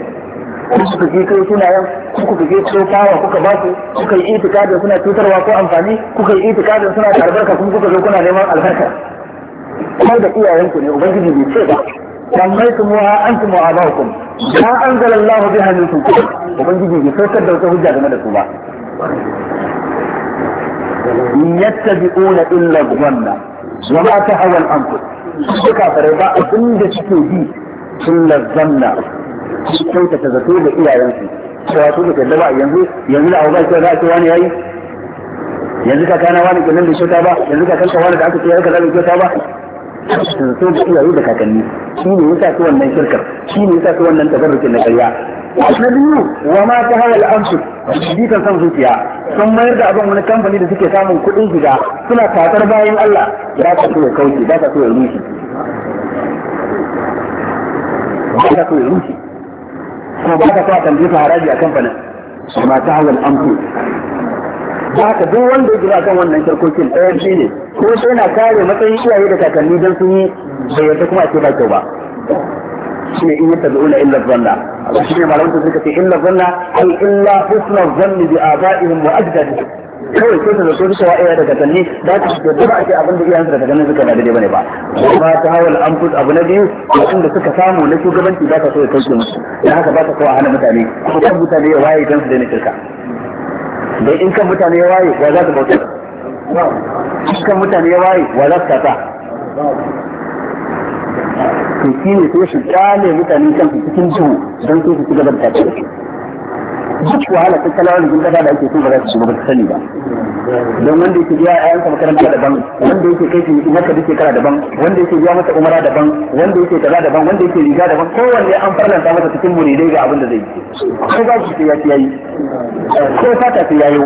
ku kuka jikiro sunayen ku kuka jikiro fawa kuka ba su kuka yi itikadin suna cutarwa ko amfani kuka yi itikadin suna tarbarka kuma kuka zo kuna neman albarka kuma da iyayen ku ne ubangiji bai ce ba sammai su muha an su mu ku ba an zala Allah bi hannun su ku ubangiji bai saukar da wata hujja game da su ba yattabi'una illa dhanna wa ma ta hawan anfu su kafirai ba abin da suke bi sun lazzanna su kyauta ta zato da iyayensu cewa su da ba yanzu yanzu da abubuwa za a ce wani yayi yanzu ka kana wani kenan da kyauta ba yanzu ka kanka wani da aka ce ya kaza da kyauta ba sun so da iyaye da kakanni shi ne yasa su wannan shirkar shi ne yasa su wannan tabarrukin na ƙarya na biyu wa ma ta hayar amsu bitan san zuciya sun mayar da abin wani kamfani da suke samun kuɗin shiga suna tatar bayan Allah ba ka so ya kauce ba ka so ya rushe ba ta so ya rushe ko ba ka so a tambaye su haraji a kamfanin ma ta hayar amsu da haka duk wanda ya jira kan wannan sarkokin ɗaya shi ne ko sai na kare matsayin iyaye da kakanni don sun yi bai yarda kuma a ce ba kyau ba shi ne in yadda da'una illa zanna a shi ne malamin su suka ce illa zanna ai illa husna zanni bi a wa ajdadihim kawai sai su zato su shawa iya da kakanni da haka su yarda ba a ce abin da iyayensu da kakanni suka ba daidai bane ba ba ta hawal amfus abu na biyu mutum da suka samu na shugabanci ba ta so ya kauce musu da haka ba ta so a hana mutane kuma kan mutane ya waye kansu su na shirka da in kan mutane ya waye wa za su bauta in kan mutane ya waye wa za su kata to shi ne sai shi kyale mutane kan cikin duhu don su su ci gaba da tafiya duk wahala ta kalawar jikin kasa da ake so ba za su shiga ba sani ba don wanda yake biya ayansa makaranta daban wanda yake kai shi maka duk shekara daban wanda yake biya masa umara daban wanda yake kaza daban wanda yake riga daban kowanne an farlanta masa cikin muridai ga abin da zai ko ba shi ya yayi ko fata ta yayo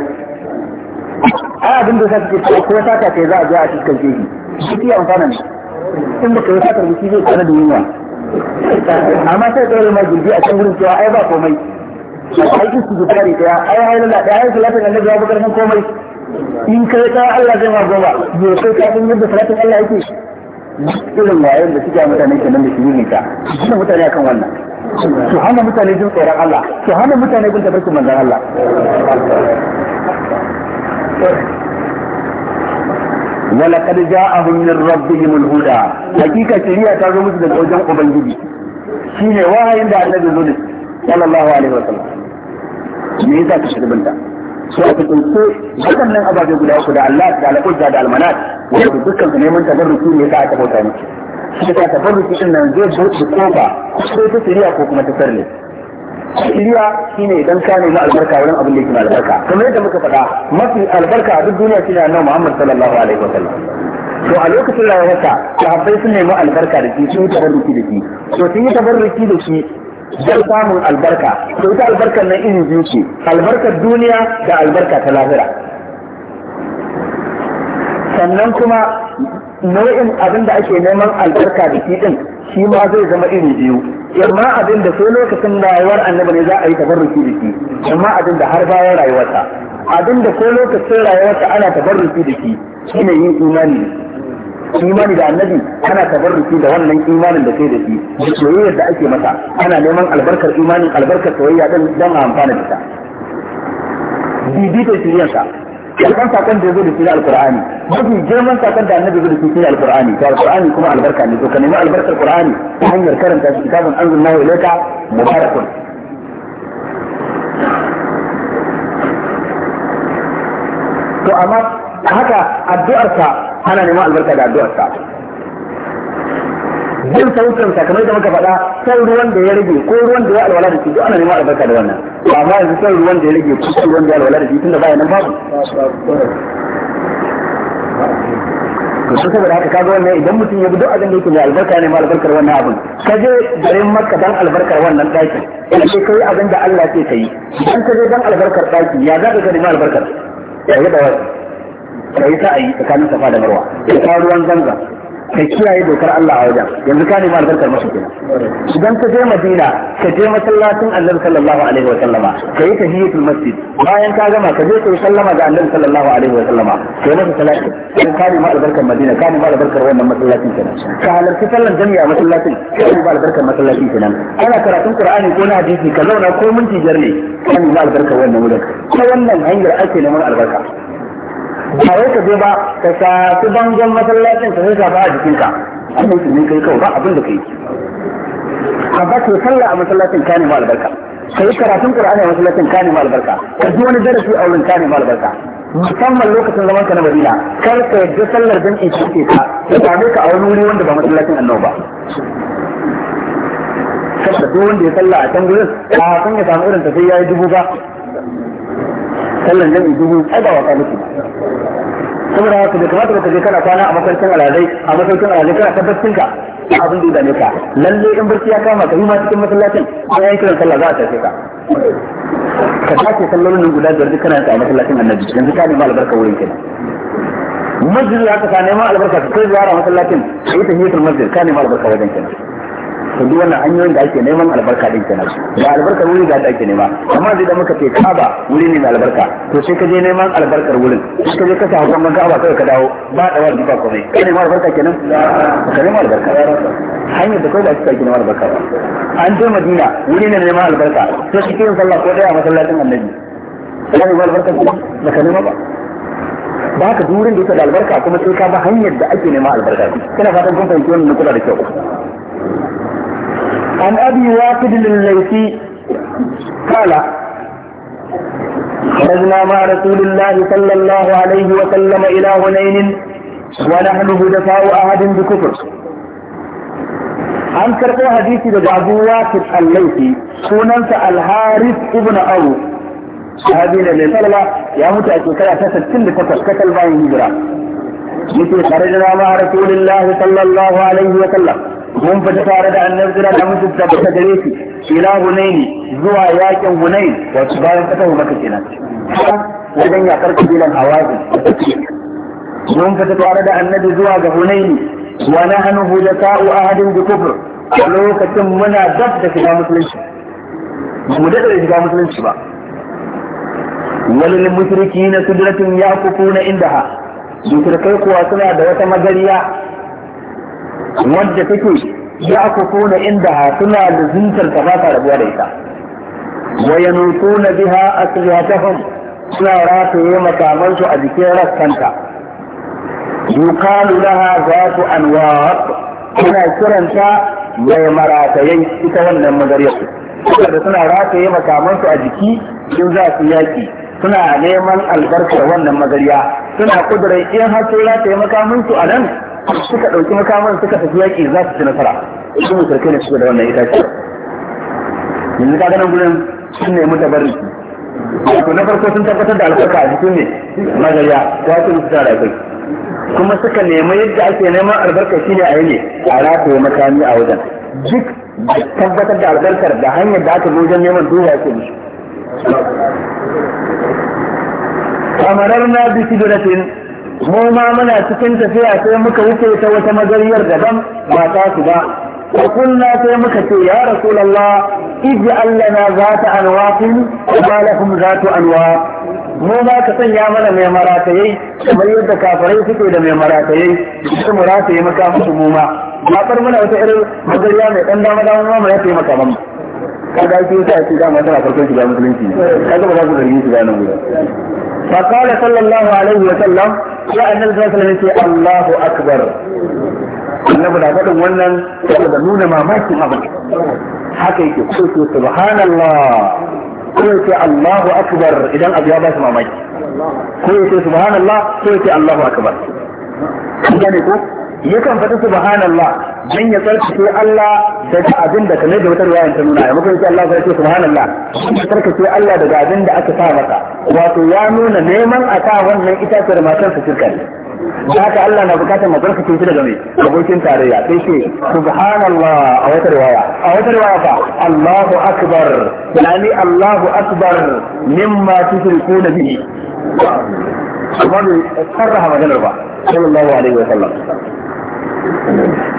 a abin da zai ce ko fata ta za a je a cikin keji shi ya amfana ne in baka yi fatar shi zai kana da yunwa amma sai ka yi ma jirgi a can gurin cewa ai ba komai ولقد جاءهم من ربهم الهدى حقيقة شريعة تعظم مثل الأوجان قبل جديد شيء واحد عند النبي صلى الله عليه وسلم me za ka shiga ta? su a cikin ko waɗannan ababe guda uku da Allah da al'ujja da almanat da dukkan su neman tabarruki ne za a tabbata miki shi ta tabarruki ɗin nan zai buɗe kofa ko ta siriya ko kuma ta sarle siriya shine idan ka nemi albarka wurin abin da yake albarka kamar yadda muka faɗa mafi albarka a duk duniya shine annabi Muhammad sallallahu alaihi sallam? to a lokacin da ya rasa sahabbai sun nemi albarka da shi sun tabarruki da shi to sun yi tabarruki da shi don samun albarka to ita albarkar nan iri biyu ce albarkar duniya da albarka ta lahira sannan kuma nau'in abin da ake neman albarka da shi din shi ma zai zama iri biyu amma abin da sai lokacin rayuwar annabi ne za a yi tabarruki da shi amma abin da har bayan rayuwarsa abin da ko lokacin rayuwarsa ana tabarruki da shi shine yin imani imani da annabi ana tabarruki da wannan imanin da kai da shi da soyayyar da ake masa ana neman albarkar imanin albarkar soyayya din don a amfana da ta bibita shiryansa kalban sakon da zo da shi alqur'ani mafi girman sakon da annabi zo da shi alqur'ani to alqur'ani kuma albarka ne to ka nemi albarkar qur'ani ta hanyar karanta shi kitabun anzalnahu ilayka mubarakun to amma haka addu'arsa ana neman albarka da addu'ar sa jin sautin sa kamar da muka faɗa san ruwan da ya rage ko ruwan da ya alwala da shi duk ana neman albarka da wannan amma yanzu san ruwan da ya rage ko san ruwan da ya alwala da shi tunda baya nan babu to su saboda haka kaga wannan idan mutum ya bi duk abin da yake mai albarka ne ma albarkar wannan abin ka je garin makka dan albarkar wannan ɗakin in ce kai abin da Allah ke kai idan ka je dan albarkar ɗaki ya za ka ga ma albarkar ya ga da wasu ka yi sa'ayi tsakanin safa da marwa ka kawo ruwan zanga ka kiyaye dokar Allah a wajen yanzu ka nemi albarkar masu kenan idan ka je Madina ka je masallacin Annabi sallallahu alaihi wa sallama ka yi tahiyatul masjid bayan ka gama ka je ka sallama ga Annabi sallallahu alaihi wa sallama ka yi masa salati in ka ma albarkar Madina ka ma albarkar wannan masallacin kenan ka halarci sallan jami'a masallacin ka ma albarkar masallacin kenan ana karatun Qur'ani ko na hadisi ka zauna ko minti biyar ne ka ma albarkar wannan wurin ko wannan hanyar ake neman albarka ba wai ka je ba ka shafi bangon masallacin ka sai shafa a jikinka an yi tunin kai kawai ba abin da kai amma to sallah a masallacin ka ne ma albarka ka yi karatun qur'ani a masallacin ka ne ma albarka ka ji wani darasi a wurin ka ne ma albarka musamman lokacin zaman ka na Madina kar ka yadda sallar dan in ce ka ya same ka a wani wuri wanda ba masallacin annabi ba kada duk wanda ya salla a can gurin a san ya samu irin ta sai ya yi dubu ba sallan nan dubu ai ba wasa mutum saboda haka bai kamata ka je kana kwana a makwancin alazai a makwancin alazai kana tabbacin ka abin da dame ka lalle in barci ya kama ka yi ma cikin masallacin ko yan kiran sallah za a tafi ka ka tashi sallolin guda biyar duk kana a masallacin annabi yanzu ka nemi albarka wurin kenan masjid ya ka ka neman albarka ka kai ziyara masallacin ka yi tahiyatul masjid ka nemi albarka wajen kenan to duk wannan hanyoyin da ake neman albarka din kenan Ba albarkar wuri ga ake nema amma zai da muka ce kaba wuri ne mai albarka to sai ka je neman albarkar wurin sai ka je ka sa kuma kaba kai ka dawo ba da wani ba komai ka nema albarka kenan ka nema albarka hanyar da kai da ake neman albarka an je madina wuri ne neman albarka shi ke yin sallah ko daya a masallacin annabi kana neman albarka ba ka nema ba ba ka durin da yake da albarka kuma sai ka ba hanyar da ake nema albarka Kina fatan kun fahimci wannan kula da kyau عن ابي واقد الليثي قال خرجنا مع رسول الله صلى الله عليه وسلم الى هنين ونحن هدفاء احد بكفر عن كرقو حديثي لابو واقد الليثي سننت الحارث ابن ابو صحابينا للصلاة يا متى كلا كل كتل كتل باين هجرة مثل خرجنا مع رسول الله صلى الله عليه وسلم mun fita tare da annabi zira da mutum tabbata gare shi ila hunaini zuwa yakin hunain wato bayan fatahu maka kenan wajen yakar kabilan hawazi mun fita tare da annabi zuwa ga hunaini wa nahnu hudaka'u ahadin bi kufr a lokacin muna dab da shiga musulunci mu da shiga musulunci ba walil mushrikina sudratun yakufuna indaha mushrikai kuwa suna da wata magariya wadda take ya kukuna inda hatuna da zuntar ta ba ta rabuwa da ita wa yanutuna biha aslihatahum suna rataye su a jikin rassanta yukalu laha zatu anwar suna kiranta mai maratayen ita wannan magariyar da suna rataye su a jiki in za su yaki suna neman albarkar wannan magariya suna kudurai in har sun rataye su a nan suka ɗauki makaman suka tafi yaƙi za su ci nasara su musulkai ne suka da wannan itace yanzu ka ganin gudun sun nemi tabarriki to na farko sun tabbatar da albarka a jikin ne magariya ta ce musu tara kai kuma suka nemi yadda ake neman albarka ne a yi ne a rataye makami a wajen duk tabbatar da albarkar da hanyar da aka zo wajen neman duba ke musu kamarar na bi sidratin mu ma muna cikin tafiya sai muka wuce ta wata magariyar daban ba ta su ba wa kunna sai muka ce ya rasulullah ij'al allana zata anwaqin wa lahum zatu anwa mu ma ka sanya mana mai maratayai kamar yadda kafirai suke da mai maratayai su mu rataye maka musu mu ma ba far muna wata irin magariya mai dan dama dama mu rataye maka ba kaga ake yi ta ce dama tana farkon shiga musulunci kaga ba za ku zargi shiga nan gudu فقال صلى الله عليه وسلم sai annabi sallallahu alaihi wasallam ya Allahu akbar annabi na faɗin wannan saboda nuna mamakin abu haka yake ko to subhanallah ko yace Allahu akbar idan abu ya ba mamaki ko yace subhanallah ko yace Allahu akbar kun gane ko yakan faɗi subhanallah dan ya tsarkake Allah daga abin da kamar da wutar riwaya ta nuna ya mukan ce Allah ya ce subhanallah ya tsarkake Allah daga abin da aka sa masa wato ya nuna neman a sa wannan da matar su shirka ne haka Allah na bukatar mu tsarkake shi daga mai abokin tarayya sai ce subhanallah a wata riwaya a wata riwaya fa Allahu akbar yani Allahu akbar mimma tushrikuna bihi amma bai sarraha maganar ba sallallahu alaihi wa sallam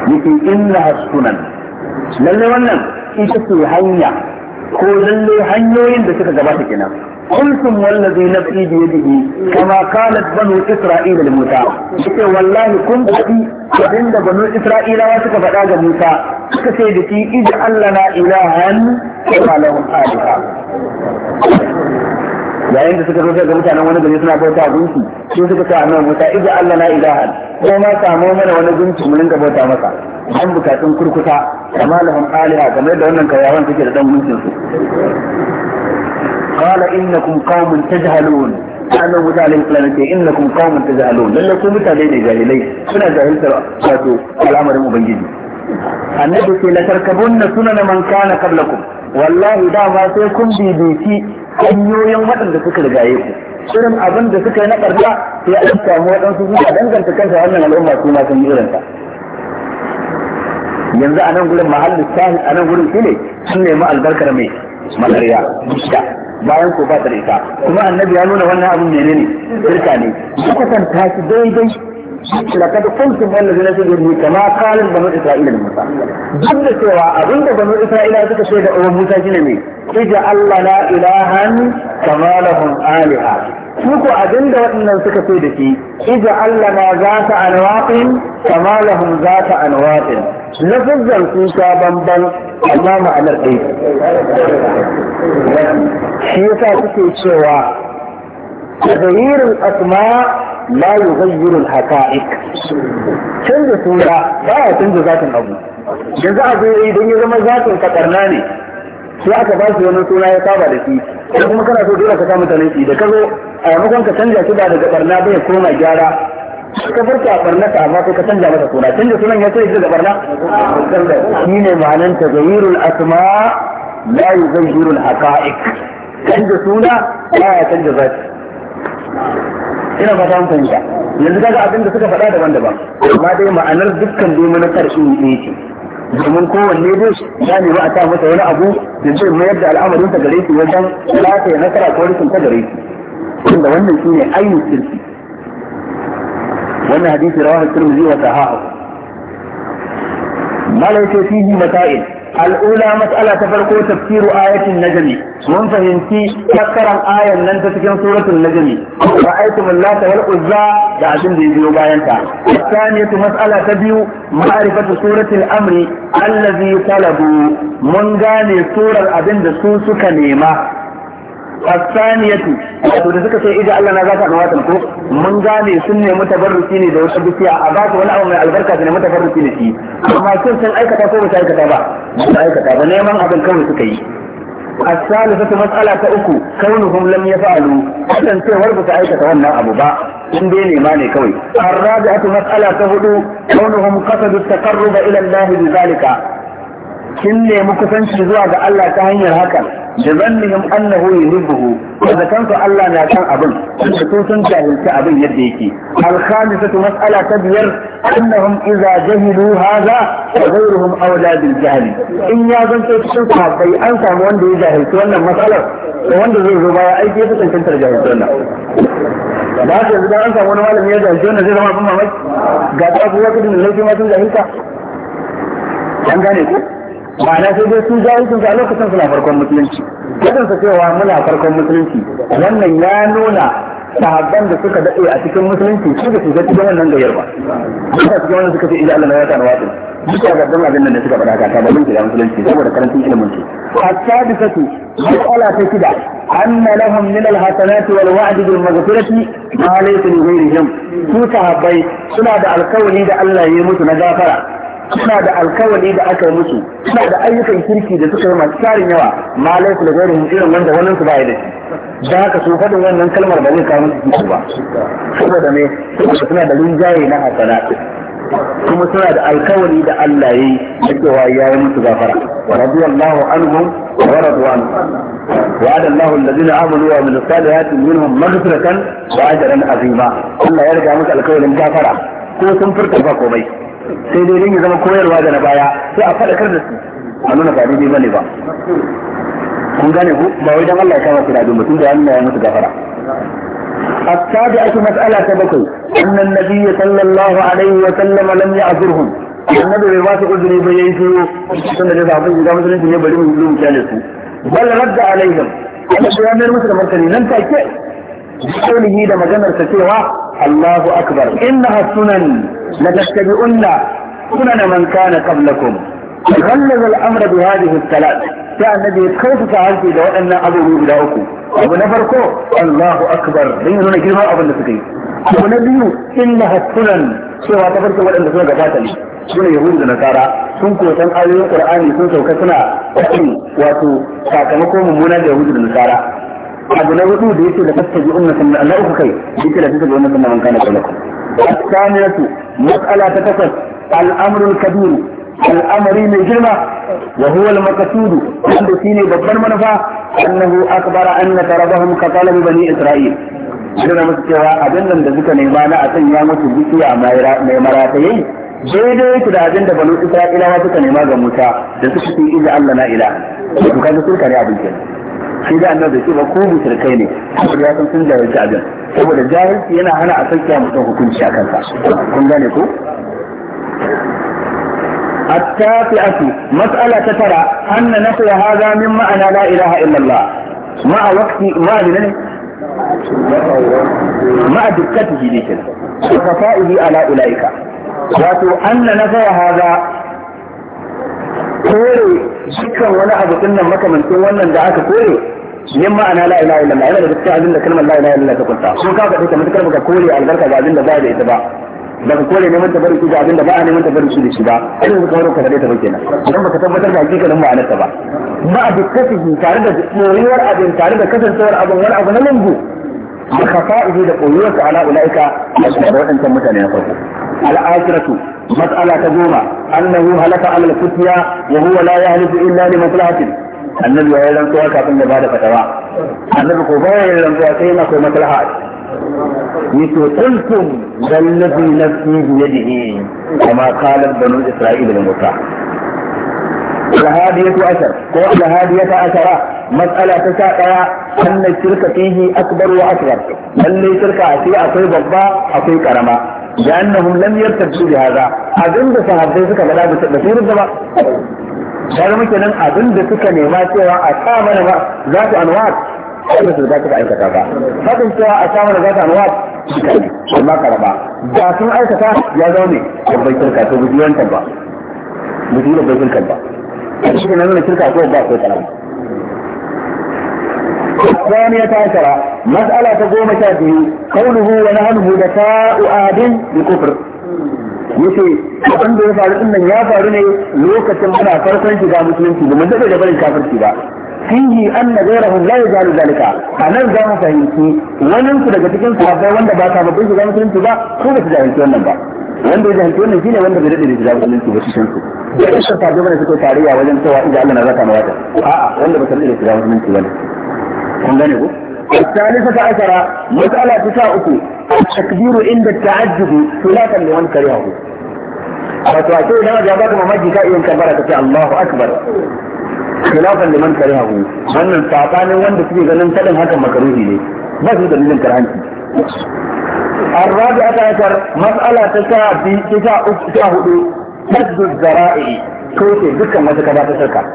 yake inna sunan lalle wannan ita ce hanya ko lalle hanyoyin da suka gabata kenan kuntum wallazi nafsi bi yadihi kama qalat banu isra'ila li musa yake wallahi kun fadi abin da banu isra'ilawa suka faɗa ga musa suka ce da shi ija allana ilahan kama lahum yayin da suka zo ga mutanen wani gari suna bauta gunki sai suka ce annabi Musa idza Allah la ilaha ko ma samu mana wani gunki mun rinka bauta maka dan bukatun kurkuta kama lahum aliha kamar da wannan kayawan suke da dan gunkin su qala innakum qaumun tajhalun annabi Musa alaihi salam ce innakum qaumun tajhalun lalle ku mutane ne jahilai suna jahiltar wato al'amarin ubangiji annabi ce la tarkabunna sunana man kana qablakum wallahi da ma sai kun bibici hanyoyin waɗanda suka rigaye ku shirin abin da suka yi na ƙarfa sai an samu waɗansu suna danganta kansa wannan al'umma su ma sun yi irinta yanzu a nan gurin mahallin sahi a nan gurin shine sun nemi albarkar mai malariya da bayan ko ba ita kuma annabi ya nuna wannan abin menene shirka ne suka san ta shi daidai zai قلتم الذين kama kalin قال Isra'ila da Musa. duk da cewa abinda banu isra'ila suka shaida uwan musa shine me اجعل lana ilahan kama lahum aliha su ko abinda waɗannan suka ce da shi ija lana zata anwaqin kama lahum zata anwaqin lafazzan su ta bamban amma ma'anar ɗaya shi yasa suke cewa تغيير الأسماء لا يغير الحقائق canza suna ba a canza zatin abu yanzu abu idan ya zama zatin katarna ne sai aka ba su wannan suna ya saba da shi ko kuma kana so dole ka samu mutanen shi da kazo a maimakon ka canja shi ba daga barna bai koma gyara ka farka a barna ka amma sai ka canja masa suna canja sunan ya sai daga barna shi ne ma'anan tagayyurul asma la yuzayyirul haqa'iq canja suna ba ya canja zati ina fata mun fahimta yanzu kaga abin da suka faɗa daban-daban amma dai ma'anar dukkan dai manufar shi ne ce domin kowanne dai ya nemi a sa masa wani abu da zai mayar da al'amarin ta gare shi wajen lafiya nasara ko rikin ta gare shi inda wannan shi ne ainihin kirki wannan hadisi rawar tirmidhi wa sahahu malaikatu fihi mata'il al'ula mas'ala ta farko tafsiru ayatin najmi mun fahimci fassaran ayan nan ta cikin suratul najmi ra'aytum allata wal uzza da abin da ya biyo bayan ta tsaniyatu mas'ala ta biyu ma'rifatu suratul amri allazi talabu mun gane surar abin da su suka nema asaniyatu wato da suka ce ija Allah na za ta mawatan ko mun gane sun ne mutabarruki ne da wata dukiya a ba su wani abu mai albarka ne mutabarruki ne shi amma sun san aikata ko ba su aikata ba ba su aikata ba neman abin kawai suka yi الثالثة مسألة أكو كونهم لم يفعلوا أحسن سي ورد سعيدة تغنى أبو باء إن ديني ماني كوي الرابعة مسألة تهدو كونهم قصدوا التقرب إلى nemi kusanci zuwa ga Allah ta hanyar hakan. da zannihim annahu yuhibbuhu da kansu Allah na kan abin da su sun jahilci abin yadda yake al-khamisatu mas'ala ta biyar annahum idza jahilu hadha wa ghayruhum awla bil jahl in ya zanto cikin bai an samu wanda ya jahilci wannan matsalar da wanda zai zo baya aiki ya tantance da jahilci wannan da haka yanzu an samu wani malami ya jahilci wannan zai zama abin mamaki ga ta abubuwa kudin da laifi ma sun jahilta an gane ku ma'ana sai dai sun jahilcin sun a lokacin suna farkon musulunci yakan sa cewa muna farkon musulunci wannan ya nuna sahabban da suka daɗe a cikin musulunci su da su ga cikin wannan gayar ba suka cikin wannan suka ce idan Allah na ya kana wato duka ga dan abin nan da suka faɗa ta ba mun da musulunci saboda karantin ilimin su as-sadisatu mas'ala ta kida anna lahum min al-hasanati wal wa'd bil maghfirati ma laysa li ghayrihim su sahabbai suna da alkawari da Allah ya yi musu na gafara suna da alkawali da aka yi musu suna da ayyukan kirki da suka yi masu tarin yawa ma laifin da gwarin irin wanda wannan su ba ya da shi da haka su faɗin wannan kalmar ba zai kawo musu ba saboda ne saboda suna da rinjaye na hasanatu kuma suna da alkawali da Allah ya yi da cewa ya yi musu gafara wa radiyallahu anhum wa radwan wa ada Allahu alladhina amanu wa min salihati minhum maghfiratan wa ajran azima Allah ya riga musu alkawarin gafara ko sun furta ba komai sai dai ya zama koyarwa da na baya sai a faɗakar da su a nuna ba daidai bane ba kun gane ku ba wai dan Allah ya kama su da abin mutum da Allah ya musu gafara السابعة مسألة بكي أن النبي صلى الله عليه وسلم لم يعذرهم annabi bai ba su uzuri ba yayi su sun da zafin shiga musulunci ne bari mu yi mu kyale su bal radda alaihim annabi ya mayar musu da martani nan take بقوله ده مجمع الفتيوة الله أكبر إنها السنن لتتبعن سنن من كان قبلكم غلظ الأمر بهذه الثلاث كان الذي يتخوف فعلتي لو أن أبو يبدأكم أبو نفركو الله أكبر لين هنا كلمة أبو نفسكي أبو نبي إنها السنن سوى تفرك وأن سنة قفاتني سنة يهود نصارى sun kuwa san ayoyin Qur'ani sun sauka suna wato sakamakon mummunan da Yahudu da Nasara abu na hudu da yake da tattabi ummatan da Allah uku kai yake da tattabi ummatan da man kana qablakum الثانية مسألة تتفت الأمر الكبير الأمر من جرمة وهو المقصود عند سين بطل منفى أنه أكبر أن تربهم كطلب بني إسرائيل Idan musu cewa abin nan da suka nema na a sanya musu dukiya mai marataye daidai yake da abin da banu Isra'ilawa suka nema ga Musa da suka ce iza Allah na ila. Su kaga sun kare abin kenan. sai da annabi ce ba ko mutarkai ne saboda ya san sun jahilci abin saboda jahilci yana hana a sauke mutum hukunci a kansa kun gane ko التاسعة مسألة ترى أن نفي هذا من معنى لا إله إلا الله مع وقت مع مع دقته ذكر وخفائه على أولئك wato an na nazara haza kore dukkan wani abu din nan makamantin wannan da aka kore yin ma'ana la ilaha illallah yana da gaskiya abinda da kalmar la ilaha illallah ta kunta sun ka faɗi ta matakar baka kore albarka ga abinda ba da ita ba daga kore neman tabarruki ga abin da ba a neman ta tabarruki da shi ba irin su kawo ka faɗe ta ba kenan idan baka tabbatar da hakikalin ma'anar ta ba ma a dukkasihi tare da moriwar abin tare da kasancewar abin wani abu na lungu da kafa'ihi da koyuwarsa ala ula'ika da waɗancan mutane na farko al'akiratu mas'ala ta goma annahu halaka alal fitya wa huwa la illa li maslahatin annabi ya yi rantsuwa kafin ya bada fatawa annabi ko baya yin rantsuwa sai yana ko maslaha yake kuntum dallabi nafsi biyadihi kama qalat banu isra'ila da musa وهذه أثر قول هادية أثر مسألة تساقع أن الشرك فيه أكبر وأكبر بل لي في أطيب الضباء أطيب كرما لأنهم لم يرتبوا بهذا أظن بصحاب ذلك فلا بسير الضباء شارم كنن أظن بسك نعمة سواء ذات أنوات أي بس ذات أي كتابة فقم سواء ذات أنواع شكرا وما كربا ذات أي كتابة يا دومي shi ne nuna shirka ko ba ko karama الثانية عشرة مسألة تقوم شابه قوله ونحن yace abin ya faru din ya faru ne lokacin muna shiga musulunci da mun daɗe da barin kafirci ba anna ghayrahum la yajalu zalika anan za fahimci wannan su daga cikin sahabbai wanda ba ta babban shiga musulunci ba ko ba su jahilci wannan ba wanda ya jahilci wannan shine wanda bai daɗe da shiga musulunci ba shan su da isa ta gaba da suka tarayya wajen cewa idan Allah na zaka mawata a'a wanda ba dade da shiga musulunci ba kun gane ko الثالثة عشرة مسألة تساؤك التكبير عند التعجب خلافا لمن كرهه wato a ce idan wajen baka mamaki ka iya kabbara ka ce Allahu Akbar khilafan liman karihahu wannan sabanin wanda suke ganin kadin hakan makaruhi ne ba su dalilin karhanci الرابعة عشر مسألة تسعة دي تسعة تسعة هدو كسب الزرائع كيف ذكر ما تكبر تسرك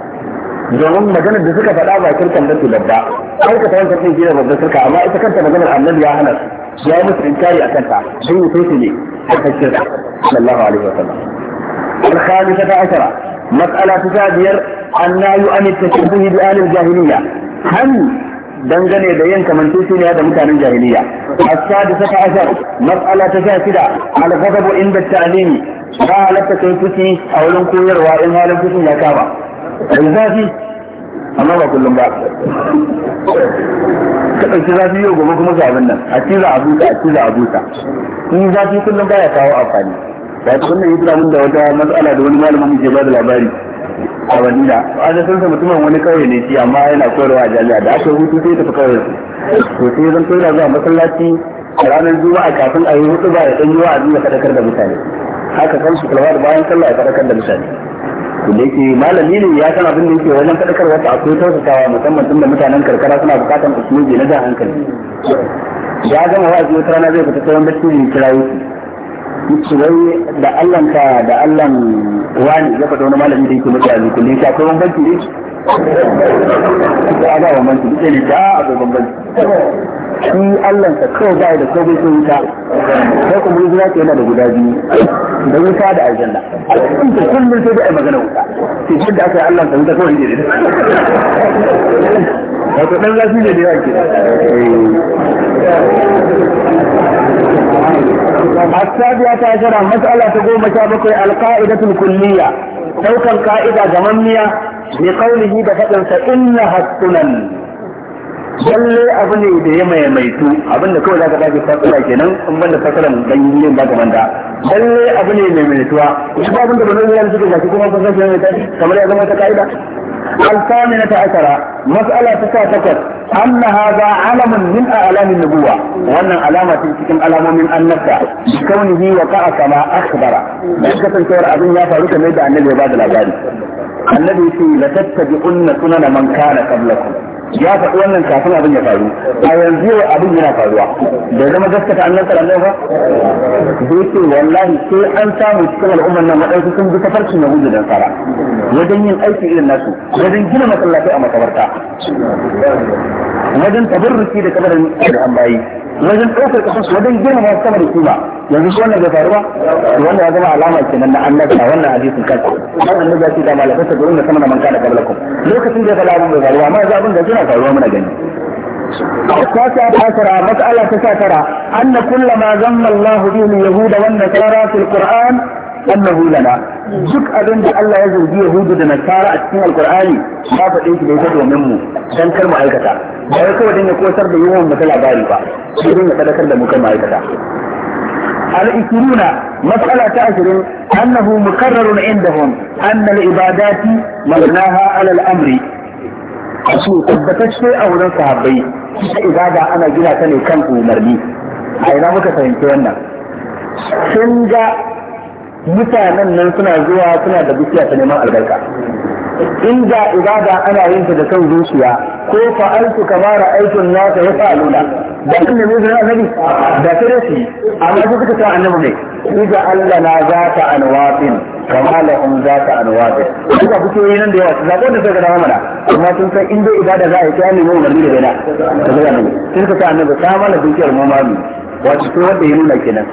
جون ما جنب ذكر فلا ما يترك من ذي لبعة كيف تكون تكون جيرة من ذكرك أما إذا كنت ما جنب عمل يا أنس يا مصر إنكاري أتنفع شو تيسي لي أتشرك صلى الله عليه وسلم الخامسة عشرة مسألة تسعة دير أن لا يؤمن تشبه بآل الجاهلية هل dangane da yin kamanceceniya da mutanen jahiliya as-sadisa saka ashar mas'ala ta sha shida al-ghadabu inda ta'limi ba halatta kai fushi a wurin koyarwa in halin fushin ya kama da zafi amma ba kullum ba ka ɗauki zafi yau gobe kuma ga abin nan a ciza a buta a ciza a buta in zafi kullum baya kawo amfani ba su wannan yi tunanin da wata matsala da wani malamin ke ba da labari a Madina a da sansa mutumin wani kauye ne shi amma yana koyarwa a jami'a da aka hutu sai tafi kauye to sai zan koyar zuwa masallaci ranar juma'a kafin a yi hutu ba ya dan yi wa'azi ya fadakar da mutane haka kan su kalmar bayan sallah ya fadakar da mutane to da yake malami ne ya san abin da yake wajen fadakar wata akwai tausasawa musamman tun da mutanen karkara suna bukatan usulubi na jan hankali ya gama wa'azi wata rana zai fita sauran bacci ne kirayo yace wai da Allah ka da Allah wani ya faɗa wani malami da yake maka azuku ne ta kuma banki ne da ada wa banki sai ne da a gaban banki shi Allah ka kawai da da kawai sun wuta sai kuma yanzu yake yana da guda biyu da wuta da aljanna in ka kullun sai da magana wuta sai shi da aka Allah ka wuta kawai ne wato dan zafi ne da yake السابعة عشرة مسألة تقوم مشابك القاعدة الكلية سوف القاعدة جمانية لقوله بفتن فإنها السنن lalle abu ne da ya maimaitu abin da kawai za ka dace fasala kenan in ban da fasalan dan yin ba kaman da lalle abu ne mai maimaituwa shi abin da ba yana cikin kuma kamar ya zama ta ka'ida الثامنة عشرة مسألة تسعة فقط أن هذا علم من أعلام النبوة وأن علامة تكون علم من النبوة بكونه وقع كما أخبر لكن سورة أبن يا فاروق ميدا أن النبي بعد الأبادي الذي في لتتبعن سنن من كان قبلكم ya faɗi wannan kafin abin ya faru a yanzu yau abin yana faruwa da zama gaskata annan sallallahu ba zai ce wallahi sai an samu cikin al'ummar nan waɗansu sun bi tafarki na gudu dan tsara. wajen yin aiki irin nasu wajen gina masallatai a makabarta wajen tabarruki da kabarin da an bayi wajen ɗaukar ƙasar wajen gina masu sama kima yanzu shi wannan bai faru ba wannan ya zama alama kenan na annabi a wannan hadisin kansa wannan annabi ya ce da malakai ta gurin da sama da man kana qablakum lokacin da ya faru abin bai faru amma yanzu abin da tana faruwa muna gani التاسعة عشرة مسألة تسعة أن كل ما ذم الله به اليهود والنصارى في القرآن أنه لنا duk abin da Allah ya zargi Yahudu da Nasara a cikin Alkur'ani ba faɗin shi da ya domin mu dan kar mu aikata ba wai kawai dan ya kosar da yawan mu ta labari ba sai dan ya sadakar da mu kan aikata العشرون مسألة عشر أنه مكرر عندهم أن العبادات مبناها على الأمر a su tabbatacce a wurin sahabbai ita ibada ana gina ta ne kan umarni a ina muka fahimci wannan sun ga mutanen nan suna zuwa suna da bishiya ta neman albarka inda ibada ana yin ta da son zuciya ko fa fa'altu kama ra'aytun nasa ya fa'aluna da kun ne mun annabi da sai da shi amma suka ta annabi ne iza Allah na za zata anwafin kama lahum za ka anwabe duka fitoyi nan da yawa su zaɓo da suka dama mana amma sun san inda ibada za a yi ta nemi umarni da gaida ta zaga mai sun ka sa annabi ta mana dukiyar mu mami wato to wanda ya nuna kenan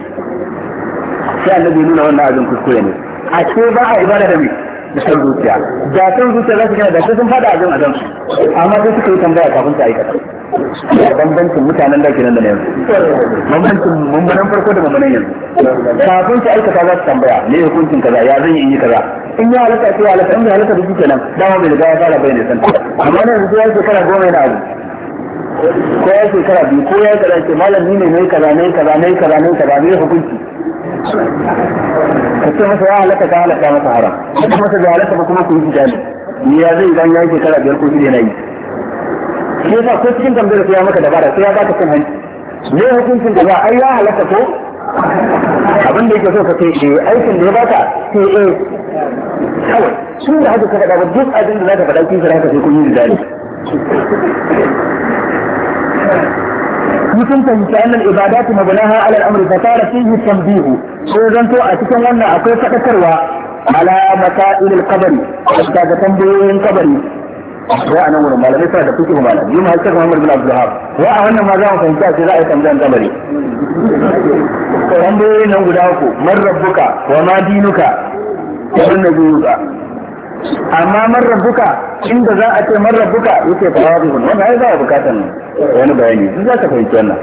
sai annabi ya nuna wannan abin kuskure ne a ce ba a ibada da mai da zuciya da san zuciya za su gina da su sun fada azan azan amma sai suka yi tambaya kafin su aikata bambancin mutanen da kenan da na yanzu bambancin mummunan farko da mummunan yanzu kafin su aikata za su tambaya me hukuncin kaza ya zan yi in yi kaza in ya halatta sai halatta in bai halatta da shi kenan dama bai riga ya fara bayyana san amma na yanzu ya shekara goma yana abu ko ya shekara biyu ko ya kaza ce malam ni ne ne kaza ne kaza ne kaza ne kaza ne hukunci ka ce masa ya halatta ka halatta masa haram ka masa ya halatta ba kuma ku yi tijani ni ya zai idan ya yi shekara biyar ko shida na yi shi yasa ko cikin tambayar sai ya maka dabara sai ya baka kan hanci ne hukuncin da ba ai ya halatta ko abin da yake so ka kai shi eh, aikin da ya baka sai eh kawai tun da haka ka faɗa ba duk abin da za ka faɗa kin kira ka sai kun yi tijani mutum fahimci annal ibadatu mabulaha alal amri fa tara tambihu. tanbihu zan zanto a cikin wannan akwai fadakarwa ala masailil qabri daga tambayoyin kabari wa anan wurin malamai suna da kuke malamai yi mahaifi Muhammad bin Abdul Wahab wa a wannan ma za mu fahimci a ce za a yi tambayan kabari tambayoyin nan guda uku man rabbuka wa ma dinuka wa man nabiyuka amma man rabbuka inda za a ce man rabbuka yake tawazihun wannan ai za a bukatan ne wani bayani duk za ka fahimci wannan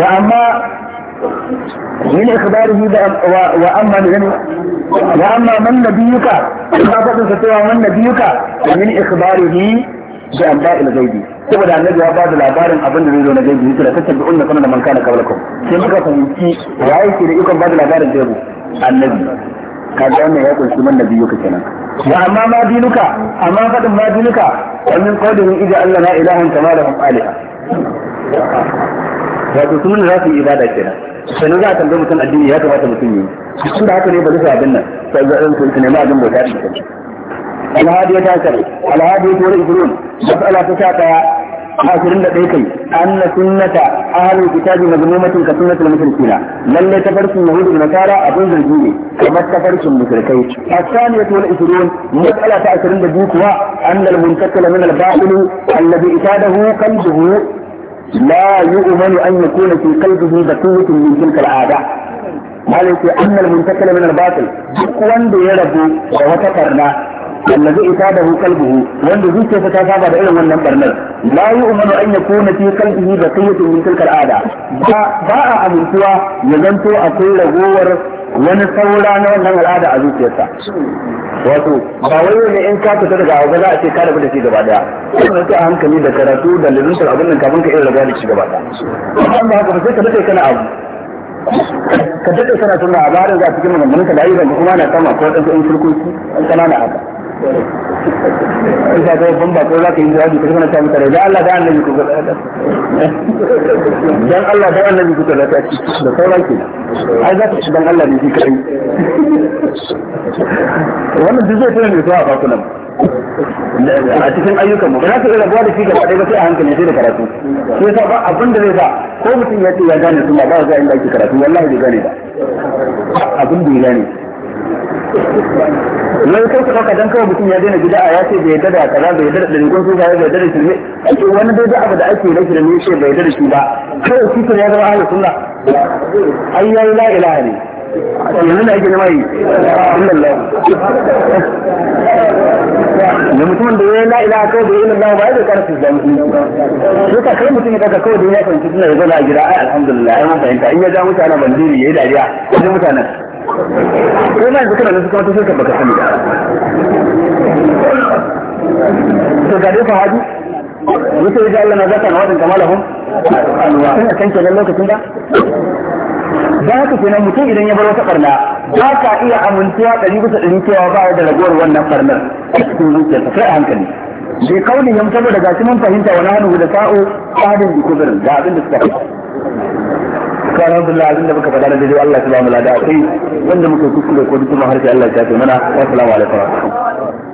wa amma min ikhbarihi da wa amma gani. wa amma man nabiyuka ka fadin sa cewa man nabiyuka min ikhbarihi bi anba'il ghaibi saboda annabi ya ba da labarin abin da zai zo na gaibi yake da tattabi unna kana da man kana qablakum sai muka fahimci waye ke da ikon ba da labarin gaibi annabi kaga wannan ya kunshi man nabiyuka kenan wa amma ma dinuka amma faɗin ma dinuka wannan kodin ija Allah na ilahan kama da aliha wato sun za su yi ibada kenan sannan za a tambaye mutum addini ya kamata mutum yi tun da haka ne ba zai abin nan sai ga ɗan kulki nema abin bauta da mutum alhadi ya tasar alhadi ya tura ibrun mas'ala ta sha ɗaya أن سنة أهل الكتاب مذمومة كسنة المشركين من لا تفرس اليهود والنصارى أبو الجيل وما تفرس المشركين الثانية والعشرون مسألة عشرين دقيقة أن المنتقل من الباطل الذي إفاده قلبه لا يؤمن أن يكون في قلبه بقية من تلك العادة قالوا أن المنتقل من الباطل دقوا بيده وتفرنا allazi itadahu qalbuhu wanda zuciyarsa ta saba da irin wannan barnar la yu'minu an yakuna fi qalbihi baqiyatun min tilka al'ada ba a amintuwa ya zanto akwai ragowar wani saura na wannan al'ada a zuciyarsa wato ba wai ne in ka fita daga abu za a ce ka rabu da shi gaba daya kuma sai hankali da karatu da luluntar abin nan kafin ka iya rabuwa da shi gaba daya amma haka ba sai ka dade kana abu ka dade kana tunna a bayan za a cikin maganganun ka da ayyukan kuma na sama ko dan in surkoki an kanana haka in ta yi ban bako za ka yi jawabi ka kana ta mutare dan Allah da annabi ku gaba dan Allah da annabi ku kuka da da sauran ki ai za ka ci dan Allah ne shi kai wannan duk zai tana ne to a fakulan a cikin ayyukan mu ba za ka iya rabuwa da shi gaba ɗaya ba sai a hankali sai da karatu sai yasa ba abin da zai sa ko mutum ya ce ya gane sunna ba za a inda ake karatu wallahi bai gane ba abin da ya gane wai kai ka saka dan kawai mutum ya daina a ya ce bai dada kaza bai dada da dalilan su bai dada shi ne ake wani dai abu da ake rashi da ne ce bai dada shi ba kawai shi ya zama ahlus sunna ai ya la ilaha ne yanzu da ake nema yi illallah da mutumin da ya la ilaha kawai da illallah ba ya da karfin da mutum shi ka kai mutum ya daga kawai da ya fahimci suna ya zauna a gida ai alhamdulillah ai mun fahimta in ya ja mutane bandiri ya yi dariya ya ji mutanen kai ma yanzu kana da suka wata shirka baka sani ba to ga dai fahadi wuce ya Allah na zaka na wadin kamalahum sun a kanke nan lokacin ba da haka kenan mutum idan ya bar wata barna ba ka iya amintuwa ɗari bisa ɗari cewa ba da ragowar wannan barnar a cikin zuciyarsa sai a hankali bai kaunin ya mutum da gashi fahimta wani hannu da sa'o tsarin jikubirin da abin da suka fi subhanahu alhamdulillah abin da muka faɗa na daidai Allah ya ba mu lada akwai wanda muka kuskure ko duk mun harshe Allah ya tafi mana assalamu alaikum